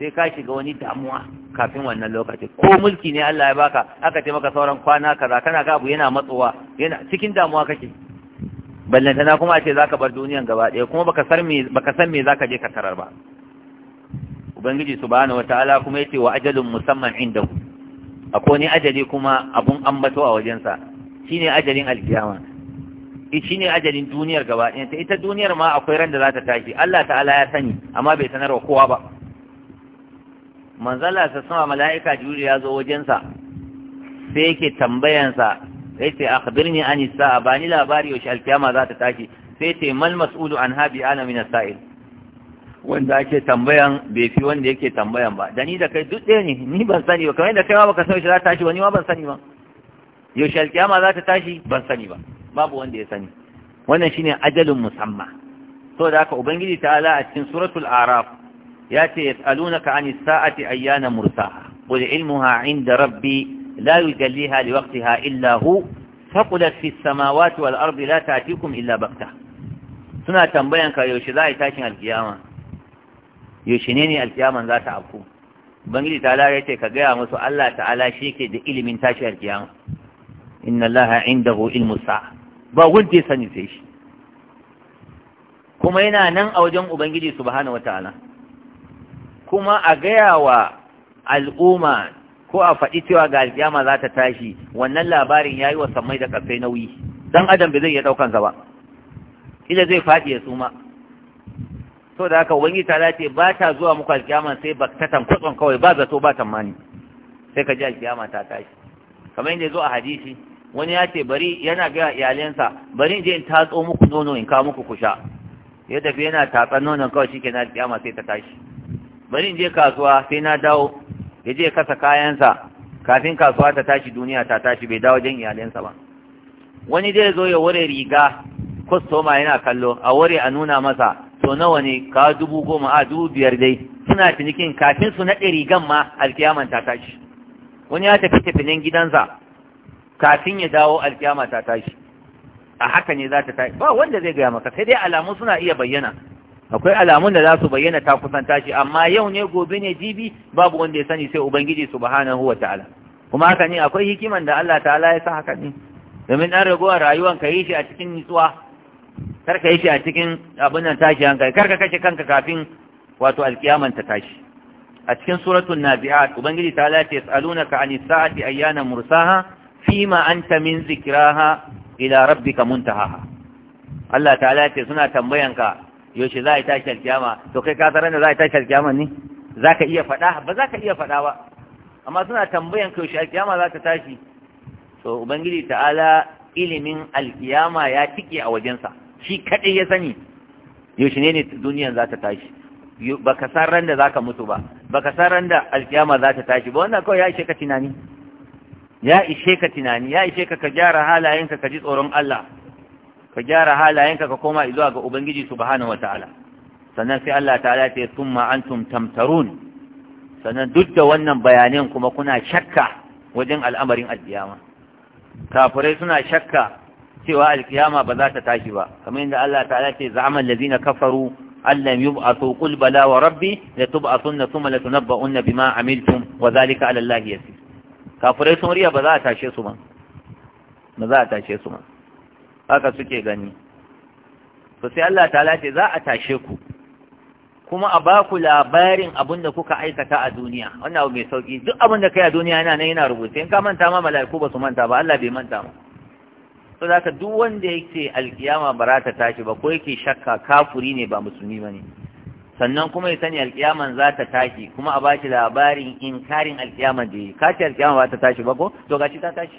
sai ka shiga wani damuwa kafin wannan lokaci ko mulki ne Allah ya baka aka ce maka sauran kwana kaza kana ga abu yana matsowa yana cikin damuwa kake ballantana kuma a ce zaka bar duniyan gaba ɗaya kuma baka san me baka san me zaka je ka tarar ba ubangiji subhanahu wataala kuma yace wa ajalun musamman indahu akwai wani ajali kuma abun ambato a wajensa shine ajalin alkiyama ne ajalin duniyar gaba ɗaya ita duniyar ma akwai ran da za ta tashi Allah ta'ala ya sani amma bai sanar wa kowa ba manzala ta sama mala'ika juri ya zo wajensa sai yake tambayansa sai ce akhbirni an sa'a bani labari yaushe alkiyama za ta tashi sai ce mal mas'ulu an habi ana min sa'il wanda ake tambayan bai fi wanda yake tambayan ba da ni da kai duk ɗaya ne ni ban sani ba kamar yadda kai ma baka san za ta tashi ba ni ma ban sani ba yaushe alkiyama za ta tashi ban sani ba babu wanda ya sani wannan shine ajalin musamma saboda haka ubangiji ta'ala a cikin suratul araf ya ce yas'alunaka anis sa'ati ayyana mursaha qul ilmuha 'inda rabbi la yujalliha liwaqtiha illa hu faqulat fis samawati wal ardi la ta'tikum illa bakta suna tambayan ka yaushe za a yi tashin alkiyama yaushe ne ne alkiyaman za ta afku ubangiji ta ya ce ka gaya musu Allah ta'ala shi ke da ilimin tashi alkiyama inna Allah indahu ilmu sa ba wanda sani sai shi kuma yana nan a wajen ubangiji subhanahu wataala kuma a gaya wa al'umma ko a faɗi cewa ga alkiyama za ta tashi wannan labarin ya yi wa sammai da kafai nauyi dan adam bai zai iya ɗaukansa ba ila zai faɗi ya suma so da haka wani ta dace ba ta zuwa muku alkiyama sai ba ta tankwatson kawai ba zato ba mani sai ka ji alkiyama ta tashi kamar yadda zo a hadisi wani ya ce bari yana ga iyalensa bari in je in tatso muku nono in kawo muku kusha ya tafi yana tatsan nonon kawai shi na alkiyama sai ta tashi bari in je kasuwa sai na dawo ya je kasa kayansa kafin kasuwa ta tashi duniya ta tashi bai dawo jan iyalensa ba wani zai zo ya ware riga kwastoma yana kallo a ware a nuna masa to nawa ne ka dubu goma a dubu biyar dai suna cinikin kafin su naɗe rigan ma alkiyama ta tashi wani ya tafi tafinin gidansa kafin ya dawo alkiyama ta tashi a haka ne za ta tashi ba wanda zai gaya maka sai dai alamu suna iya bayyana akwai alamun da za su bayyana ta kusan tashi amma yau ne gobe ne jibi babu wanda ya sani sai ubangiji subhanahu wa ta'ala kuma haka ne akwai hikiman da Allah ta'ala ya sa haka ne domin dan ragowar rayuwan ka yi shi a cikin nutsuwa kar ka yi shi a cikin abin nan tashi hankali kar ka kashe kanka kafin wato alkiyaman ta tashi a cikin suratul nazi'at ubangiji ta lati yasalunaka an sa'ati ayyana mursaha fima anta min zikraha ila rabbika muntahaha Allah ta'ala ce suna tambayanka yaushe za a yi tashi alkiyama to kai ka san da za a yi tashi alkiyama ne za ka iya faɗa ba za ka iya faɗa ba amma suna tambayanka yaushe alkiyama za ta tashi to ubangiji ta'ala ilimin alkiyama ya tike a wajensa shi kaɗai ya sani yaushe ne ne duniyan za ta tashi ba ka san ran da ka mutu ba ba ka san ran da alkiyama za ta tashi ba wannan kawai ya ishe ka tunani ya ishe ka tunani ya ishe ka ka gyara halayenka ka ji tsoron Allah ka gyara halayenka ka koma zuwa ga ubangiji subhanahu wataala sannan sai Allah ta'ala ta summa antum tamtarun sannan duk da wannan bayanan kuma kuna shakka wajen al'amarin alkiyama kafirai suna shakka cewa alkiyama ba za ta tashi ba kamar yadda Allah ta'ala ce za'amal ladina kafaru allam yub'athu qul bala wa rabbi la tub'athunna thumma la tunabba'unna bima amiltum wa zalika 'ala Allah yasir kafirai sun riya ba za a tashe su ba ba za a tashe su ba haka suke gani to sai Allah ta'ala ce za a tashe ku kuma a ba ku labarin abin da kuka aikata a duniya wannan abu mai sauki duk abin da kai a duniya yana nan yana rubuce in ka manta ma mala'iku ba su manta ba Allah bai manta ba to da haka duk wanda yake alkiyama ba za ta tashi ba ko yake shakka kafuri ne ba musulmi ba ne sannan kuma ya sani alkiyaman za ta tashi kuma a baki labarin inkarin alkiyama da yi ka ce alkiyama ba ta tashi ba ko to gashi ta tashi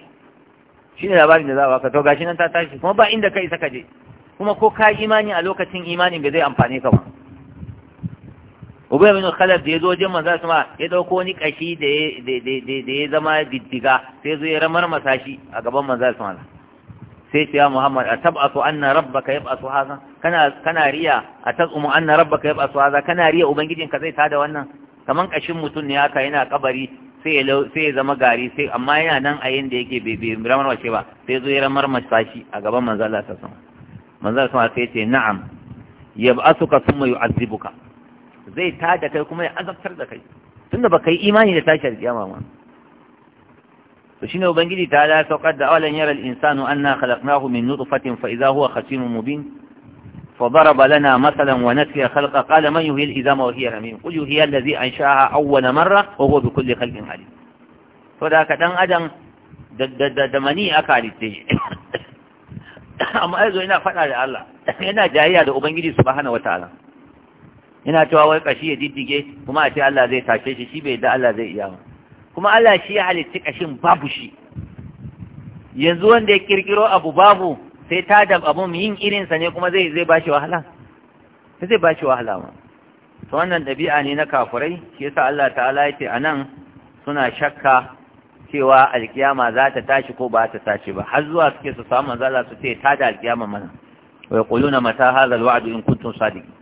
shi ne labarin da za a baka to gashi nan ta tashi kuma ba inda kai saka je kuma ko ka imani a lokacin imanin bai zai amfane ka ba ubay bin khalaf da ya zo wajen manzo sama ya dauko wani kashi da ya zama diddiga sai zo ya ramar masashi a gaban manzo sama sai ce ya Muhammad a na rabba ka yaba su kana kana riya a rabba ka yaba su haza kana riya ubangijin ka zai tada wannan kaman kashin mutum ne haka yana kabari sai ya sai ya zama gari sai amma yana nan a yanda yake bai bai ramar wace ba sai zo ya ramar masashi a gaban manzo Allah sama alaihi wasallam sai ce na'am ya ba su ka sun thumma azibuka zai tada kai kuma ya azabtar da kai tunda baka yi imani da a kiyama ma to shine ubangiji ta ala saukar da awalan yara al-insanu anna khalaqnahu min nutfatin fa idza huwa khasimun mubin فضرب لنا مثلا ونسي خلقه قال من يهي الإزام وهي رميم قل يهي الذي أنشاها أول مرة وهو بكل خلق عليم فذاك دان أدم دمني أكالتي أما أيضا إنا فتح لله إنا جاهية لأبنجي سبحانه وتعالى إنا تواوي قشية ديدي كما أتي الله زي تاشيش شبه دا الله زي إياه kuma Allah shi ya halitta kashin babu shi yanzu wanda ya kirkiro abu babu sai ta da abun yin irinsa ne kuma zai zai bashi wahala zai bashi wahala ma to wannan ɗabi'a ne na kafurai shi yasa Allah ta'ala ya ce anan suna shakka cewa alkiyama za ta tashi ko ba ta tashi ba har zuwa suke su samu manzala su ce ta da alkiyama mana wa yaquluna mata hadha alwa'd in kuntum sadiqin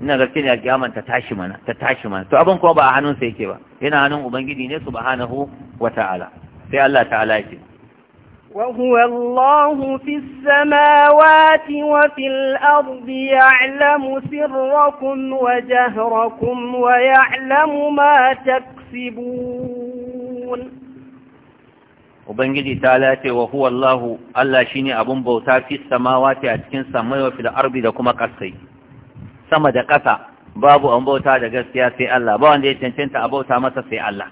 ina gaske ne a kiyaman ta tashi mana ta tashi mana to abin kuma ba a hannunsa yake ba yana hannun ubangiji ne subhanahu wata'ala sai Allah ta'ala yake وهو الله في السماوات وفي الأرض يعلم سركم وجهركم ويعلم ما taksibun. Ubangiji ta lace wa huwa Allah Allah shi ne abin bauta fi samawati a cikin samai wa fil ardi da kuma ƙasai sama da ƙasa babu an bauta da gaskiya sai Allah ba wanda ya cancanta a bauta masa sai Allah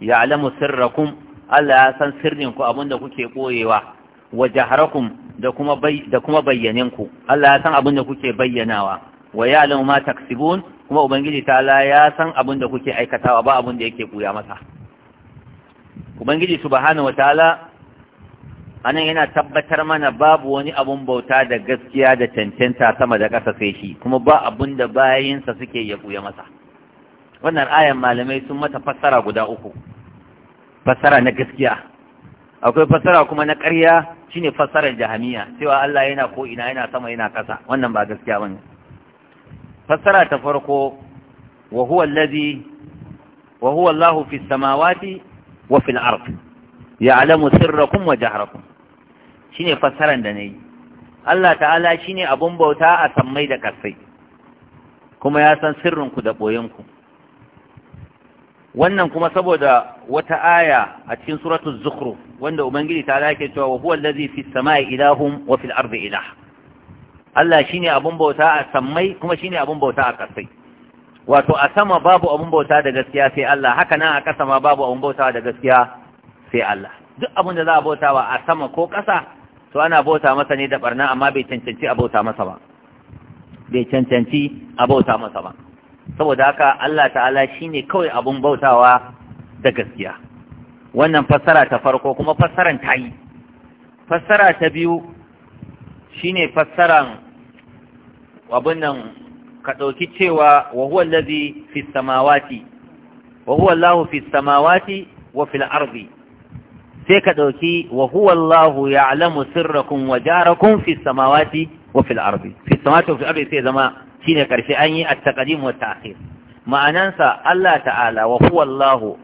ya alamu sirrakum Allah ya san sirrin ku abinda kuke koyewa wa jaharakum da kuma bay da kuma bayyanin ku Allah ya san abinda kuke bayyanawa wa ya alamu ma taksibun kuma ubangiji ta'ala ya san abinda kuke aikatawa ba abinda yake buya masa ubangiji subhanahu wataala anan yana tabbatar mana babu wani abun bauta da gaskiya da cancanta sama da ƙasa sai shi kuma ba abun da bayansa suke ya buya masa wannan ayan malamai sun mata fassara guda uku fassara na gaskiya akwai fassara kuma na ƙarya shine fassarar jahamiya cewa Allah yana ko ina yana sama yana ƙasa wannan ba gaskiya bane fassara ta farko wa huwa allazi wa huwa Allahu fis samawati wa fil ard ya'lamu sirrakum wa jahrakum Shi ne fassaran da na yi. Allah ta'ala shi ne abun bauta a sammai da kasai kuma ya san sirrinku da boyen wannan kuma saboda wata aya a cikin suratun zukhruf wanda ubangiji ta lake cewa wa huwa allazi fi samai ilahum wa fil ardi ilah Allah shine abun bauta a sammai kuma shine abun bauta a kasai wato a sama babu abun bauta da gaskiya sai Allah haka nan a ƙasa ma babu abun bauta da gaskiya sai Allah duk abun da za a bautawa a sama ko ƙasa. to ana bauta masa ne da barna amma bai cancanci a bauta masa ba bai cancanci a bauta masa ba saboda haka Allah ta'ala shine kawai abun bautawa da gaskiya wannan fassara ta farko kuma fassaran ta yi fassara ta biyu shine fassaran abin nan ka ɗauki cewa wa huwa allazi fi samawati wa huwa Allahu fi samawati wa fil ardi sai ka ɗauki wa huwa Allahu ya'lamu sirrakum wa jarakum fi samawati wa fil ardi fi samawati wa fil ardi sai zama shine karshe an yi at-taqdim wa ta'khir ma'anansa Allah ta'ala wa huwa Allahu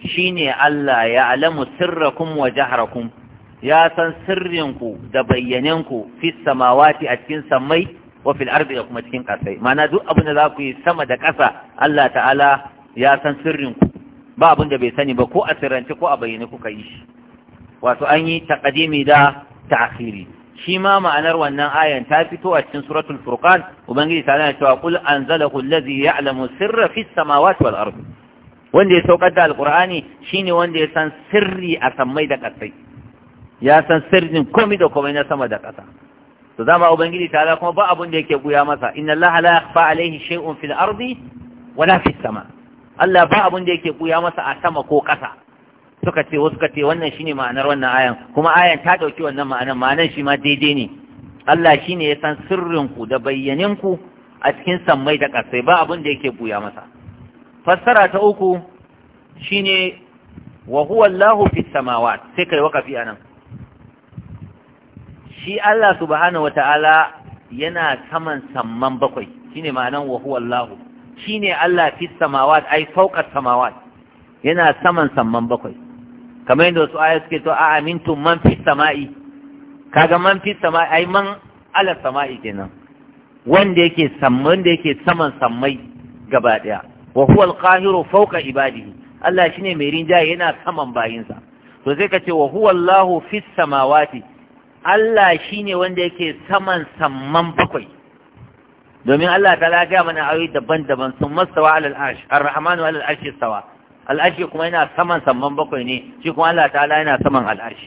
shine Allah ya ya'lamu sirrakum wa jahrakum ya san sirrinku da bayyanenku fi samawati a cikin sammai wa fil ardi da kuma cikin kasai ma'ana duk abin da za ku yi sama da ƙasa Allah ta'ala ya san sirrinku ba abin da bai sani ba ko a sirrance ko a bayyane kuka yi shi wato an yi taqdimi da ta'khiri shi ma ma'anar wannan ayan ta fito a cikin suratul furqan ubangiji ta yana cewa qul anzalahu allazi ya'lamu sirra fis samawati wal ard wanda ya saukar da alqur'ani shine wanda ya san sirri a sammai da ƙasai ya san sirrin komai da komai na sama da ƙasa to dama ubangiji ta kuma ba abun da yake buya masa inna allaha la yakhfa alayhi shay'un fil ardi wala fis sama' Allah ba abin da yake buya masa a sama ko ƙasa suka ce wasu ce wannan shine ma'anar wannan ayan kuma ayan ta ɗauki wannan ma'anar ma'anar shi ma daidai ne Allah shine ya san sirrinku da bayyaninku a cikin sammai da ƙasai ba abin da yake buya masa fassara ta uku shine wa huwa Allahu fi samawat sai kai waka fi anan shi Allah subhanahu wataala yana saman samman bakwai shine ma'anar wa huwa Allahu Shi ne Allah fi samawat ai fawqa samawat yana saman samman bakwai kamar yadda wasu ayat suke to a amintum man fi sama'i kaga man fi sama'i ai man ala sama'i kenan wanda yake samman da yake saman sammai gaba daya wa huwa al-qahiru fawqa ibadihi Allah shine mai rinjaye yana saman bayinsa to sai ka ce wa huwa Allahu fi samawati Allah shine wanda yake saman samman bakwai domin Allah ta lafiya mana ayoyi daban-daban sun mastawa alal arsh ar-rahmanu alal arsh istawa kuma yana saman samman bakwai ne shi kuma Allah ta'ala yana saman al arsh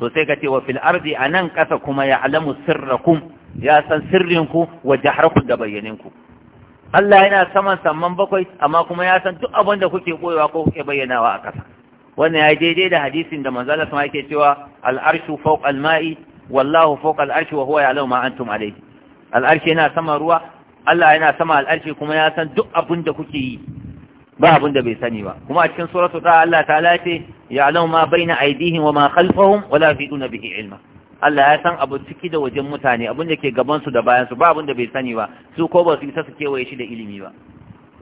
so sai ka ce wa fil a nan ƙasa kuma ya alamu sirrakum ya san sirrinku wa jaharkum da bayyaninku Allah yana saman samman bakwai amma kuma ya san duk abin da kuke koyewa ko kuke bayyanawa a ƙasa. wannan ya yi daidai da hadisin da manzo Allah sama yake cewa al arshu fawqa ma'i wallahu fawqa al arshi wa huwa ya'lamu ma antum alayhi Al'arshe yana sama ruwa Allah yana sama al'arshe kuma ya san duk abin da kuke yi ba abin da bai sani ba kuma a cikin suratu ta Allah ta lace ya alamu ma baina aidihim wa ma khalfahum wala fi duna bihi ilma Allah ya san abu ciki da wajen mutane abin da ke gaban su da bayan su ba abin da bai sani ba su ko ba su isa su kewaye shi da ilimi ba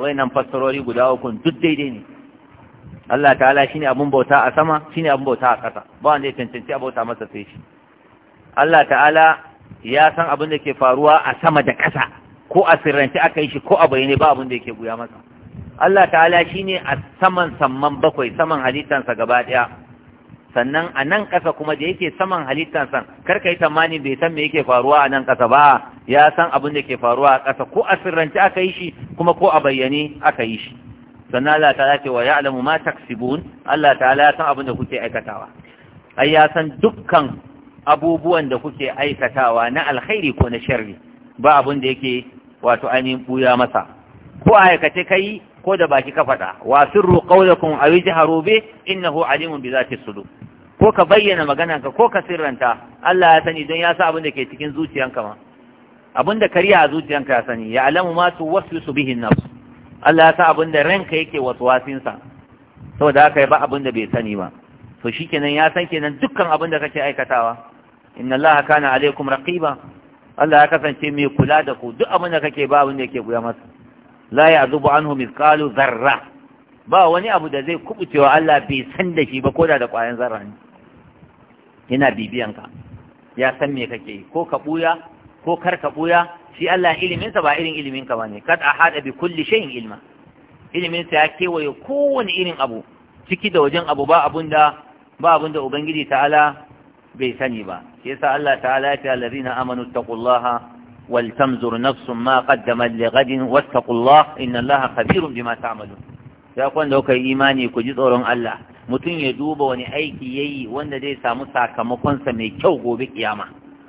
wayannan fassarori guda uku duk daidai ne Allah ta'ala shine abin bauta a sama shine abin bauta a ƙasa ba wanda ya cancanci a bauta masa sai shi Allah ta'ala ya san abin da ke faruwa a sama da ƙasa ko a sirrance aka yi shi ko a bayyane ba abin da yake buya masa Allah ta'ala shine a saman samman bakwai saman halittansa gaba ɗaya sannan a nan ƙasa kuma da yake saman halittansa kar ka yi tamani bai san me yake faruwa a nan ƙasa ba ya san abin da ke faruwa a ƙasa ko a sirrance aka yi shi kuma ko a bayyane aka yi shi sannan Allah ta'ala ce wa ya'lamu ma taksibun Allah ta'ala ya san abin da kuke aikatawa ai ya san dukkan abubuwan da kuke aikatawa na alkhairi ko na sharri ba abin da yake wato ainihin buya masa ko aikace kai ko da baki ka faɗa wa sirru qawlakum aw jahru bi innahu alimun bi zati sudur ko ka bayyana maganarka ko ka sirranta Allah ya sani don ya sa abin da ke cikin zuciyanka ma abin da kariya a zuciyanka ya sani ya alamu ma tu waswisu bihi nafs Allah ya sa abin da ranka yake waswasin sa saboda haka ba abin da bai sani ba to shikenan ya san kenan dukkan abin da kake aikatawa inna allaha kana alaikum raqiba Allah ya kasance mai kula da ku duk abin da kake ba wanda yake guya masa la ya'zubu anhu mithqalu zarra ba wani abu da zai kubucewa Allah bai san da shi ba koda da ƙwayan zarra ne yana bibiyan ka ya san me kake ko ka buya ko kar ka buya shi Allah ilimin sa ba irin ilimin ka bane kad ahada bi kulli shay'in ilma ilimin sa ya kewaye kowane irin abu ciki da wajen abu ba abunda ba abunda ubangiji ta'ala bai sani ba shi yasa Allah ta'ala ya ce amanu taqullaha wal tanzur nafsun ma qaddamat li ghadin wattaqullaha inna Allaha khabirun bima ta'malun ya kwanda kuka yi imani ku ji tsoron Allah mutum ya duba wani aiki yayi wanda zai samu sakamakonsa mai kyau gobe kiyama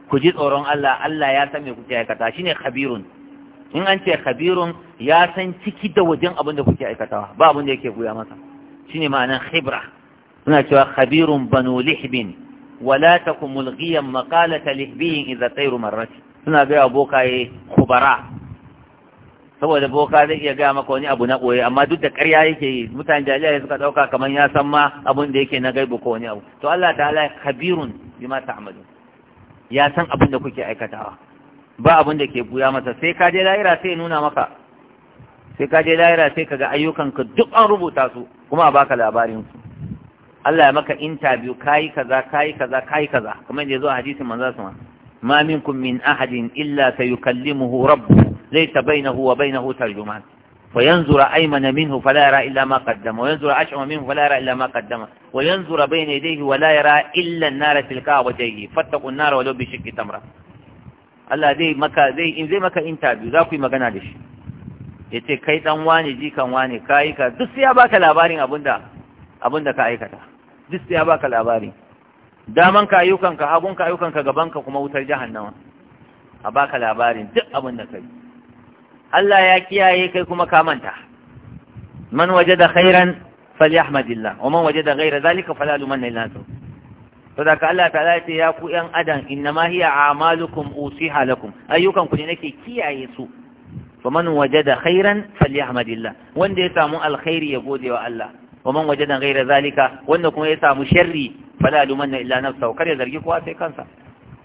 ku ji tsoron Allah Allah ya san me kuke aikata shine khabirun in an ce khabirun ya san ciki da wajen abin da kuke aikatawa ba abin da yake goya masa shine ma'anar khibra suna cewa khabirun banu lihbin wala takum makala maqalata lihbiyin idza tayru marrati suna ga bokaye kubara saboda boka zai iya gaya maka wani abu na koyi amma duk da ƙarya yake yi mutane jahiliya suka dauka kamar ya san ma abun da yake na gaibu ko wani abu to Allah ta'ala khabirun bima ta'malun ya san abin da kuke aikatawa ba abin da ke buya masa sai ka je lahira sai nuna maka sai ka je lahira sai kaga ayyukanka duk an rubuta su kuma a baka labarin su Allah ya maka interview kayi kaza kayi kaza kayi kaza kamar yadda ya zo a hadisin manzo sama ma minkum min ahadin illa sayukallimuhu rabbuhu laysa bainahu wa bainahu tarjuman ma أيمن Wa فلا يرى إلا ما قدم وينظر أشعم منه فلا يرى إلا ما قدم وينظر بين يديه ولا يرى إلا النار تلقاء وجهه فاتقوا النار ولو بشك تمرة Allah zai maka zai in zai maka interview za ku yi magana da shi yace kai dan wane ji kan wane kai ka duk sai ya baka labarin abunda abunda ka aikata duk ya baka labari daman ka ayyukanka hagun ka ayyukanka gabanka kuma wutar jahannama a baka labarin duk abin da kai Allah ya kiyaye kai kuma ka manta man wajada khairan falyahmadillah wa man wajada ghayra zalika fala lumanna illa nafsuhu sadaka Allah ta'ala ya ce ya ku ƴan adam innama hiya a'malukum usiha lakum ayyukan ku ne nake kiyaye su faman wajada khairan falyahmadillah wanda ya samu alkhairi ya gode wa Allah wa man wajada ghayra zalika wanda kuma ya samu sharri fala lumanna illa nafsahu kar ya zargi kuwa sai kansa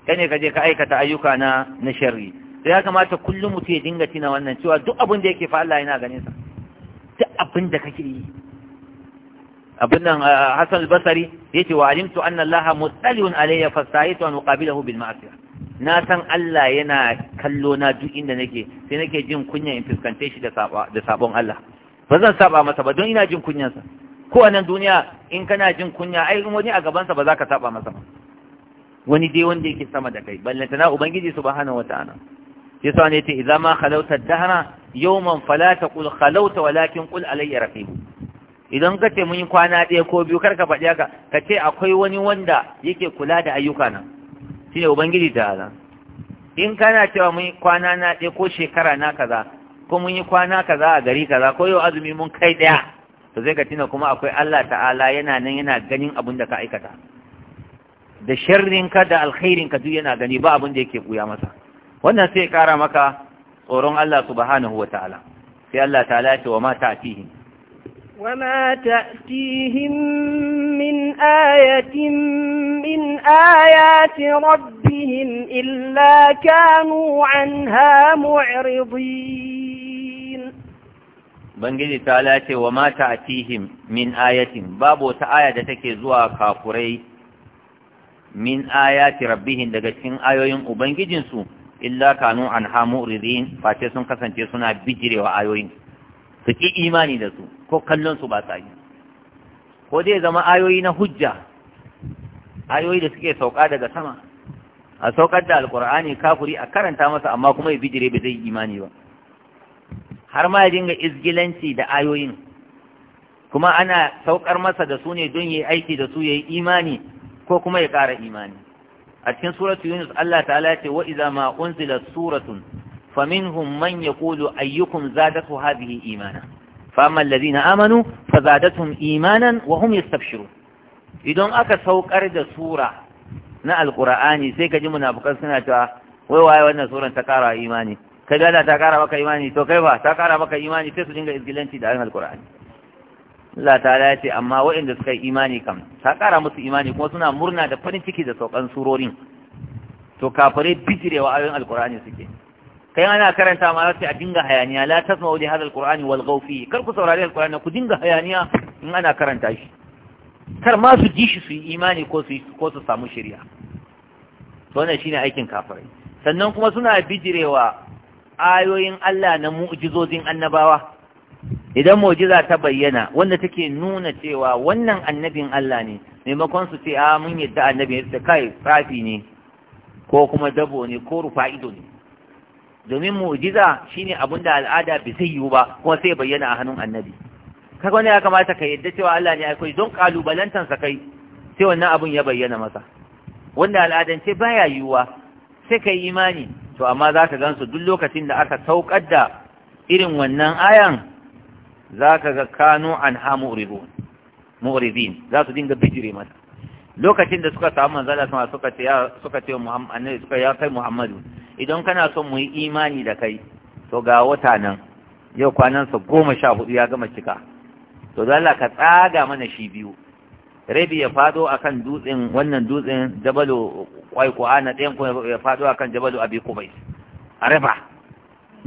kai ne kaje ka aikata ayyuka na na sharri sai ya kamata kullum mutum ya dinga tina wannan cewa duk abin da yake fa Allah yana ganin sa duk abin da kake yi abin nan Hassan al-Basri yace wa alimtu anna Allah muttaliyun alayya sa'itu an uqabilahu bil ma'siyah na san Allah yana kallo na duk inda nake sai nake jin kunya in fuskante shi da sabon Allah ba zan saba masa ba don ina jin kunyansa ko a nan duniya in kana jin kunya ai in wani a gabansa ba za ka saba masa wani dai wanda yake sama da kai ballanta na ubangiji subhanahu wata'ala sai sa ne ta idza ma khalawta dahra yawman fala taqul khalawta walakin qul alayya raqib idan ka ce mun yi kwana ɗaya ko biyu kar ka faɗi haka ka ce akwai wani wanda yake kula da ayyuka na ne ubangiji ala in kana cewa mun yi kwana na ɗaya ko shekara na kaza ko mun yi kwana kaza a gari kaza ko yau azumi mun kai ɗaya to zai ka tina kuma akwai Allah ta'ala yana nan yana ganin abin da ka aikata da sharrinka da alkhairinka duk yana gani ba abin da yake buya masa wannan sai kara maka tsoron Allah subhanahu wa ta'ala sai Allah ta'ala ya ce wa ma ta'tihim wa ma ta'tihim min ayatin min ayati rabbihim illa kanu anha mu'ridin bangiji ta lace wa mata a tihim min ayatin babu wata aya da take zuwa kafurai min ayati rabbihin daga cikin ayoyin ubangijinsu illa kanu an hamu rizin face sun kasance suna bijirewa ayoyin su ƙi imani da su ko kallon su ba sa yi ko zai zama ayoyi na hujja ayoyi da suke sauka daga sama a saukar da alkur'ani kafuri a karanta masa amma kuma ya bijire bai zai imani ba har ma ya dinga izgilanci da ayoyin kuma ana saukar masa da su ne don yi aiki da su ya yi imani ko kuma ya ƙara imani a cikin suratu yunus Allah ta'ala ce wa iza ma unzila suratun faminhum man yaqulu ayyukum zadatu hadhihi imana فأما الذين Idan aka saukar da sura na أكا sai دا سورة نا القرآن سيكا جمنا بقصنا تا ويواي وانا سورة تقارى imani? ka gada ta kara maka imani to kai ba ta kara maka imani sai su dinga izgilanci da ayin alkur'ani Allah ta ya ce amma waɗanda suka yi imani kam ta kara musu imani kuma suna murna da farin ciki da saukan surorin to kafare wa ayoyin alkur'ani suke kai ana karanta ma sai a dinga hayaniya la tasma'u li hadha alqur'ani wal ghawfi kar ku saurari alqur'ani ku dinga hayaniya in ana karanta shi kar ma su ji shi su yi imani ko su ko su samu shari'a to wannan shine aikin kafare sannan kuma suna bijirewa ayoyin Allah na mu'jizozin annabawa idan mu'jiza ta bayyana wanda take nuna cewa wannan annabin Allah ne maimakon su ce a ah, mun yadda annabin da kai tsafi ne ko kuma dabo ne ko rufa ne domin mu'jiza shine abin da al'ada bai sai yiwu ba kuma sai bayyana a hannun annabi kaga ya kamata ka yadda cewa Allah ne akwai don kalubalantan sa kai sai wannan abun ya bayyana masa wanda al'adance baya yiwuwa sai kai imani to amma za ka gansu duk lokacin da aka saukar da irin wannan ayan za ka ga kanu an ha mu'ridin za su dinga bijire mata lokacin da suka samu manzala sama suka ce ya kai Muhammadu idan kana son mu yi imani da kai to ga wata nan yau kwanansa goma sha hudu ya gama cika to don ka tsaga mana shi biyu rabi ya fado akan dutsen wannan dutsen jabalu kwaikwa na ɗayan kuma ya fado akan jabalu abi kubai a raba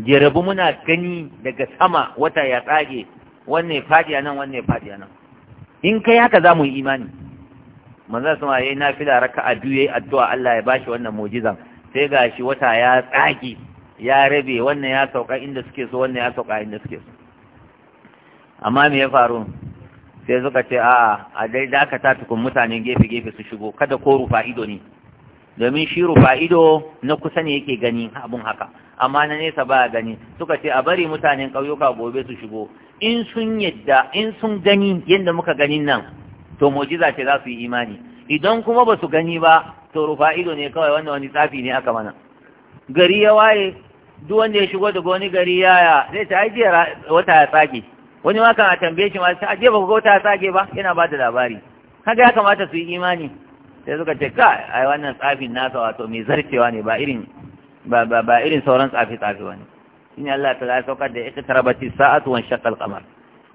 jerabu muna gani daga sama wata ya tsage wanne fadi a nan wanne fadi a nan in kai haka za mu yi imani manzan sama ya yi da raka a biyu ya yi addu'a Allah ya bashi wannan mujizan sai ga shi wata ya tsage ya rabe wannan ya sauka inda suke so wannan ya sauka inda suke so amma me ya faru sai suka ce a'a a dai dakata tukun mutanen gefe-gefe su shigo kada ko rufa ido ne domin shi rufa ido na kusa ne yake gani abun haka amma na nesa ba gani suka ce a bari mutanen ƙauyuka gobe su shigo in sun yadda in sun gani yadda muka ganin nan to mujiza ce za su yi imani idan kuma ba su gani ba to rufa ido ne kawai wanda wani tsafi ne aka mana gari ya waye duk wanda ya shigo daga wani gari yaya zai ta ajiye wata ya tsage wani ma kan a tambaye shi ma sai aje ba ku gauta tsage ba yana ba da labari kaga ya kamata su yi imani sai suka ce ka ai wannan tsafin nasa wato mai zarcewa ne ba irin ba ba ba irin sauran tsafi tsafi wani shine Allah ta ya saukar da iqtarabati sa'atu wa wani al-qamar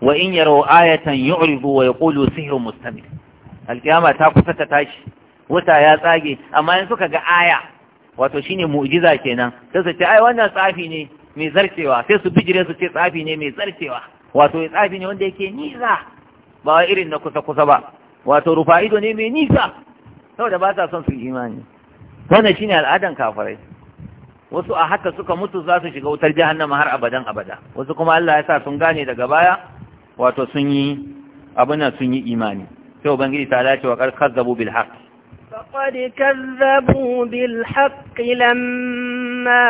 wa in yaraw ayatan yu'ridu wa yaqulu sihrun mustamir al-qiyama ta kusa ta tashi wuta ya tsage amma in suka ga aya wato shine mu'jiza kenan sai su ce ai wannan tsafi ne mai zarcewa sai su bijire su ce tsafi ne mai zarcewa wato ya tsafi ne wanda yake nisa ba irin na kusa-kusa ba wato rufa ido ne mai nisa saboda ba sa son su imani shi ne al'adan kafarai wasu a haka suka mutu za su shiga wutar jahannama har abadan abada wasu kuma Allah ya sa sun gane daga baya wato sun yi abin sun yi imani sai ubangiji ta dace wa kazzabu bil haqq faqad kazzabu bil haqq lamma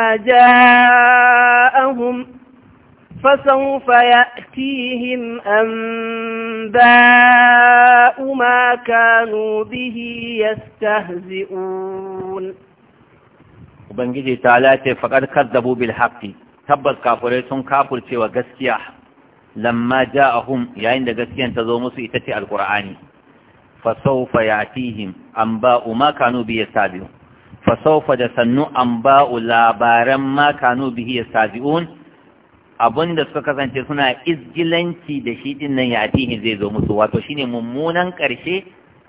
فسوف يأتيهم أنباء ما كانوا به يستهزئون وبنجد تعالى فقد كذبوا بالحق تبت كافرتهم كافر في وقسيا لما جاءهم يعند قسيا تزومس إتتي القرآن فسوف يأتيهم أنباء ما كانوا به يستهزئون فسوف جسنوا أنباء لابارا ما كانوا به يستهزئون abin da suka kasance suna izgilanci da shi din nan yatihin zai zo musu wato shine mummunan ƙarshe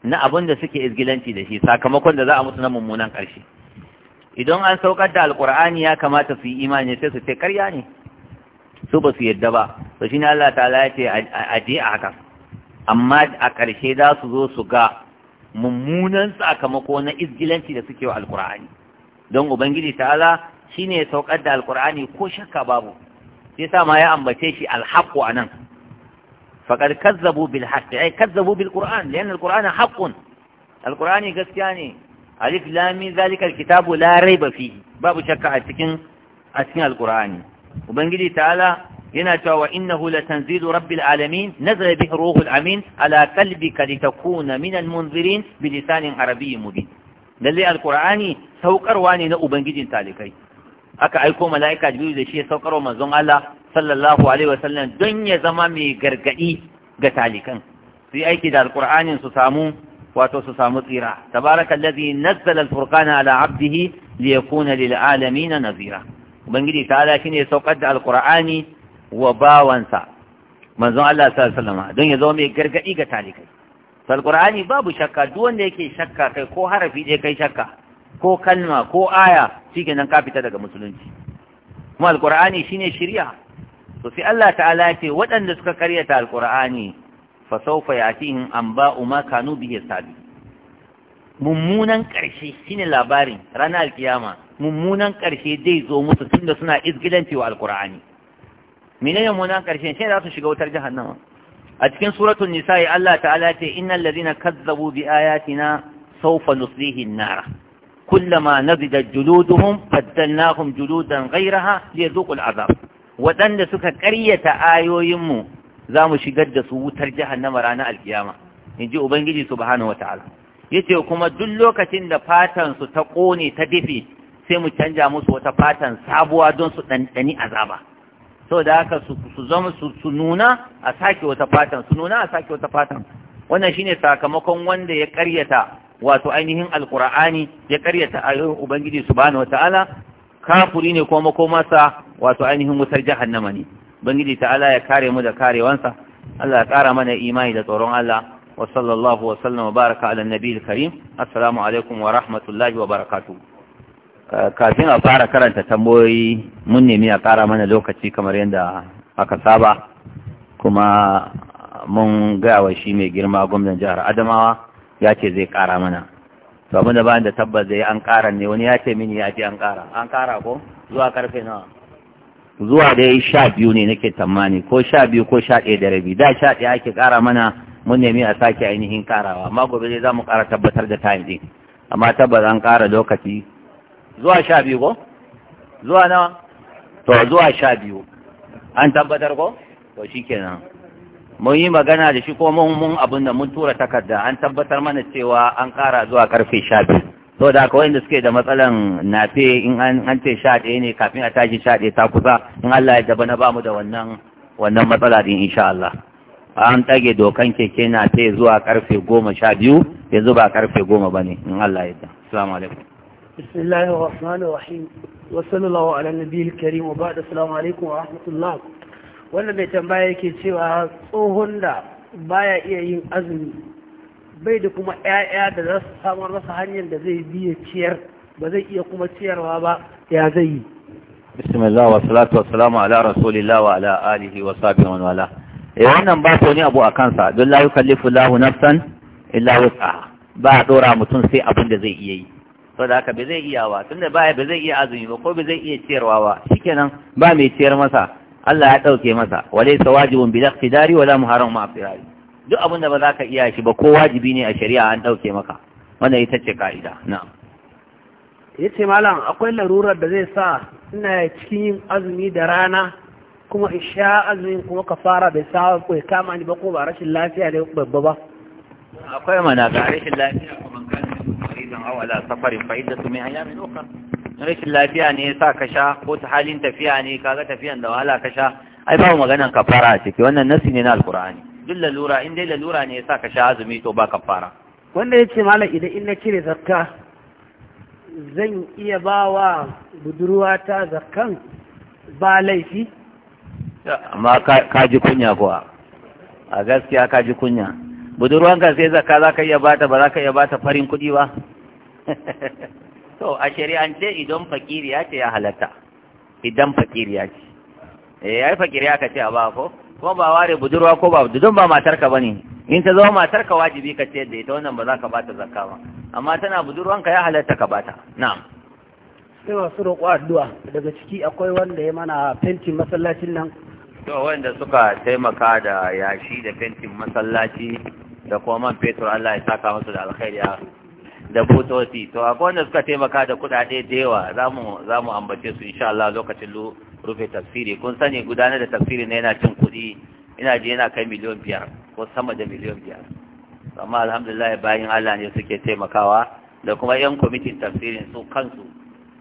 na abin da suke izgilanci da shi sakamakon da za a musu na mummunan ƙarshe idan an saukar da alƙur'ani ya kamata su yi imani sai su ce "Karya ne su ba su yadda ba to shine Allah ta'ala ya ce a je a haka amma a ƙarshe za su zo su ga mummunan sakamako na izgilanci da suke wa alƙur'ani don ubangiji ta'ala shine ya saukar da alƙur'ani ko shakka babu sai sa ma ya ambace shi alhaqqu anan faqad kazzabu bil haqqi ay kazzabu bil qur'an lian al qur'ana haqqun al qur'ani gaskiya ne alif lam mim zalika al kitabu la rayba fihi babu shakka a cikin a cikin al qur'ani ubangiji ta'ala yana cewa wa innahu latanzilu rabbil alamin nazala bihi ruhul amin ala qalbika litakuna minal munzirin bi lisanin arabiyyin mubin lalle alqur'ani saukarwa ne na ubangijin talikai aka aiko mala'ika biyu da shi ya saukarwa manzon Allah sallallahu alaihi sallam. don ya zama mai gargadi ga talikan su yi aiki da alqur'anin su samu wato su samu tsira tabarakallazi nazzala alfurqana ala abdihi liyakuna lil alamin nazira ubangiji ne shine saukar da alqur'ani wa bawansa manzon Allah sallallahu alaihi sallam. don ya zama mai gargadi ga talikai alqur'ani babu shakka duk wanda yake shakka kai ko harafi ɗaya kai shakka ko kalma ko aya nan ka fita daga musulunci kuma alqur'ani shine shari'a to sai Allah ta'ala ya waɗanda suka karyata alqur'ani fa sawfa yatihim anba'u ma kanu bihi sabi mummunan ƙarshe shine labarin ranar alkiyama mummunan ƙarshe zai zo musu tunda suna izgilanci wa alqur'ani menene mummunan ƙarshe shi za su shiga wutar jahannama a cikin suratul nisa'i Allah ta'ala ce innal ladina kazzabu bi ayatina sawfa nuslihi an-nar كلما نضجت جلودهم بدلناهم جلودا غيرها ليذوقوا العذاب waɗanda suka karyata ayoyinmu za mu shigar da su wutar jahannama ranar alkiyama in ji ubangiji subhanahu wata'ala yace kuma duk lokacin da fatan su ta ƙone ta dafe sai mu canja musu wata fatan sabuwa don su ɗanɗani azaba sau da haka su zama su nuna a sake wata fatan su nuna a sake wata fatan wannan shine sakamakon wanda ya karyata wato ainihin alkur'ani ya karyata ayoyin ubangiji subhanahu wataala kafuri ne kuma sa wato ainihin wutar jahannama ne ubangiji ta'ala ya kare mu da karewansa Allah ya kara mana imani da tsoron Allah wa sallallahu wa sallama baraka ala nabiyil karim assalamu alaikum wa rahmatullahi wa barakatuh kafin a fara karanta tambayoyi mun nemi a kara mana lokaci kamar yadda aka saba kuma mun gawa shi mai girma gwamnan jihar Adamawa ya ce zai ƙara mana to abin da ba da tabbas zai an ƙara ne wani ya ce mini ya ce an ƙara an ƙara ko zuwa karfe nawa zuwa dai sha biyu ne nake tsammani ko sha biyu ko sha ɗaya da rabi da sha ɗaya ake ƙara mana mun nemi a sake ainihin ƙarawa amma gobe zai za mu ƙara tabbatar da time ɗin amma tabbas an ƙara lokaci zuwa sha biyu ko zuwa nawa to zuwa sha biyu an tabbatar ko to shikenan mun yi magana da shi ko mun mun abin da mun tura takarda an tabbatar mana cewa an ƙara zuwa karfe sha biyu so da aka wanda suke da matsalan nafe in an ce sha ɗaya ne kafin a tashi sha ɗaya ta kusa in Allah ya daba na bamu da wannan wannan matsala din insha Allah an ɗage dokan keke fe zuwa karfe goma sha biyu yanzu ba karfe goma ba ne in Allah ya da assalamu alaikum bismillahir rahmanir rahim wa sallallahu ala nabiyil karim wa ba'da assalamu alaikum wa rahmatullah wanda mai tambaya yake cewa tsohon da baya iya yin azumi bai da kuma 'ya'ya da za su samar masa hanyar da zai biya ciyar ba zai iya kuma ciyarwa ba ya zai yi bismillah wa salatu wa salamu ala rasulillah wa ala alihi wa sahbihi wa wala eh wannan ba ta ne abu a kansa don la yukallifu lahu nafsan illa wus'aha ba a dora mutum sai abin da zai iya yi saboda haka bai zai iya wa? tunda baya ba zai iya azumi ba ko bai zai iya ciyarwa ba shikenan ba mai ciyar masa Allah ya ɗauke masa wale sa wajibin bi iqtidari wala muharram ma firari duk abin da ba za ka iya shi ba ko wajibi ne a shari'a an ɗauke maka wannan ita ce ka'ida Ya ce malam akwai larurar da zai sa ina cikin yin azumi da rana kuma in sha azumin kuma ka fara bai sa ko kama ni ba ko ba rashin lafiya ne babba ba akwai mana ga rashin lafiya kuma kan maridan aw ala safarin fa iddatu min mai ukhra rashin lafiya ne ya sa ka sha ko ta halin tafiya ne kaga tafiyan da wahala ka sha ai babu maganan kafara a ciki wannan nasi ne na alkur'ani duk lalura in dai lalura ne ya sa ka sha azumi to ba kafara wanda ya ce malam idan in na cire zakka zan iya ba wa budurwata zakkan ba laifi amma ka ji kunya kuwa a gaskiya ka ji kunya budurwanka sai zakka za ka iya bata ba za ka iya bata farin kuɗi ba *laughs* to a shari'ance idan fakiriya ce ya halatta idan fakiriya ce eh ai fakiriya ka ce a ba ko ko ba ware budurwa ko ba don ba matarka bane in ta zama matarka wajibi ka ce da ita wannan ba za ka bata zakka ba amma tana budurwanka ya halatta ka bata na'am sai wasu roƙo addu'a daga ciki akwai wanda ya mana fentin masallacin nan to wanda suka taimaka da yashi da fentin masallaci da kuma man fetur Allah ya saka musu da alkhairi da butoci to akwai wanda suka taimaka da kudade da yawa za mu ambace su insha Allah lokacin rufe tafsiri kun sani gudanar da tafsiri na yana cin kuɗi ina ji yana kai miliyon biyar ko sama da miliyon biyar amma alhamdulillah bayan Allah ne suke taimakawa da kuma yan kwamitin tafsirin su kansu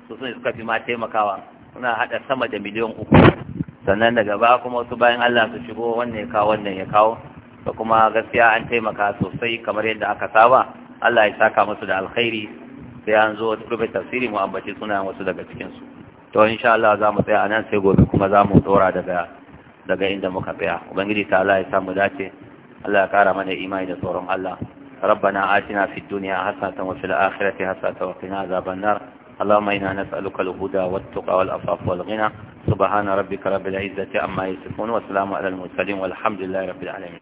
su sun suka fi ma taimakawa suna haɗa sama da miliyon uku sannan daga ba kuma wasu bayan Allah su shigo wannan ya kawo wannan ya kawo da kuma gaskiya an taimaka sosai kamar yadda aka saba Allah ya saka musu da alkhairi sai an zo wata rufe tafsiri mu ambaci sunayen wasu daga cikinsu to insha Allah za mu tsaya a nan sai gobe kuma za mu tsora daga daga inda muka tsaya ubangiji ta Allah ya samu dace Allah ya kara mana imani da tsoron Allah ربنا آتنا في الدنيا حسنة وفي الآخرة حسنة وقنا عذاب النار اللهم إنا نسألك الهدى والتقى والأفاف والغنى سبحان ربك رب العزة أما يصفون وسلام على المرسلين والحمد لله رب العالمين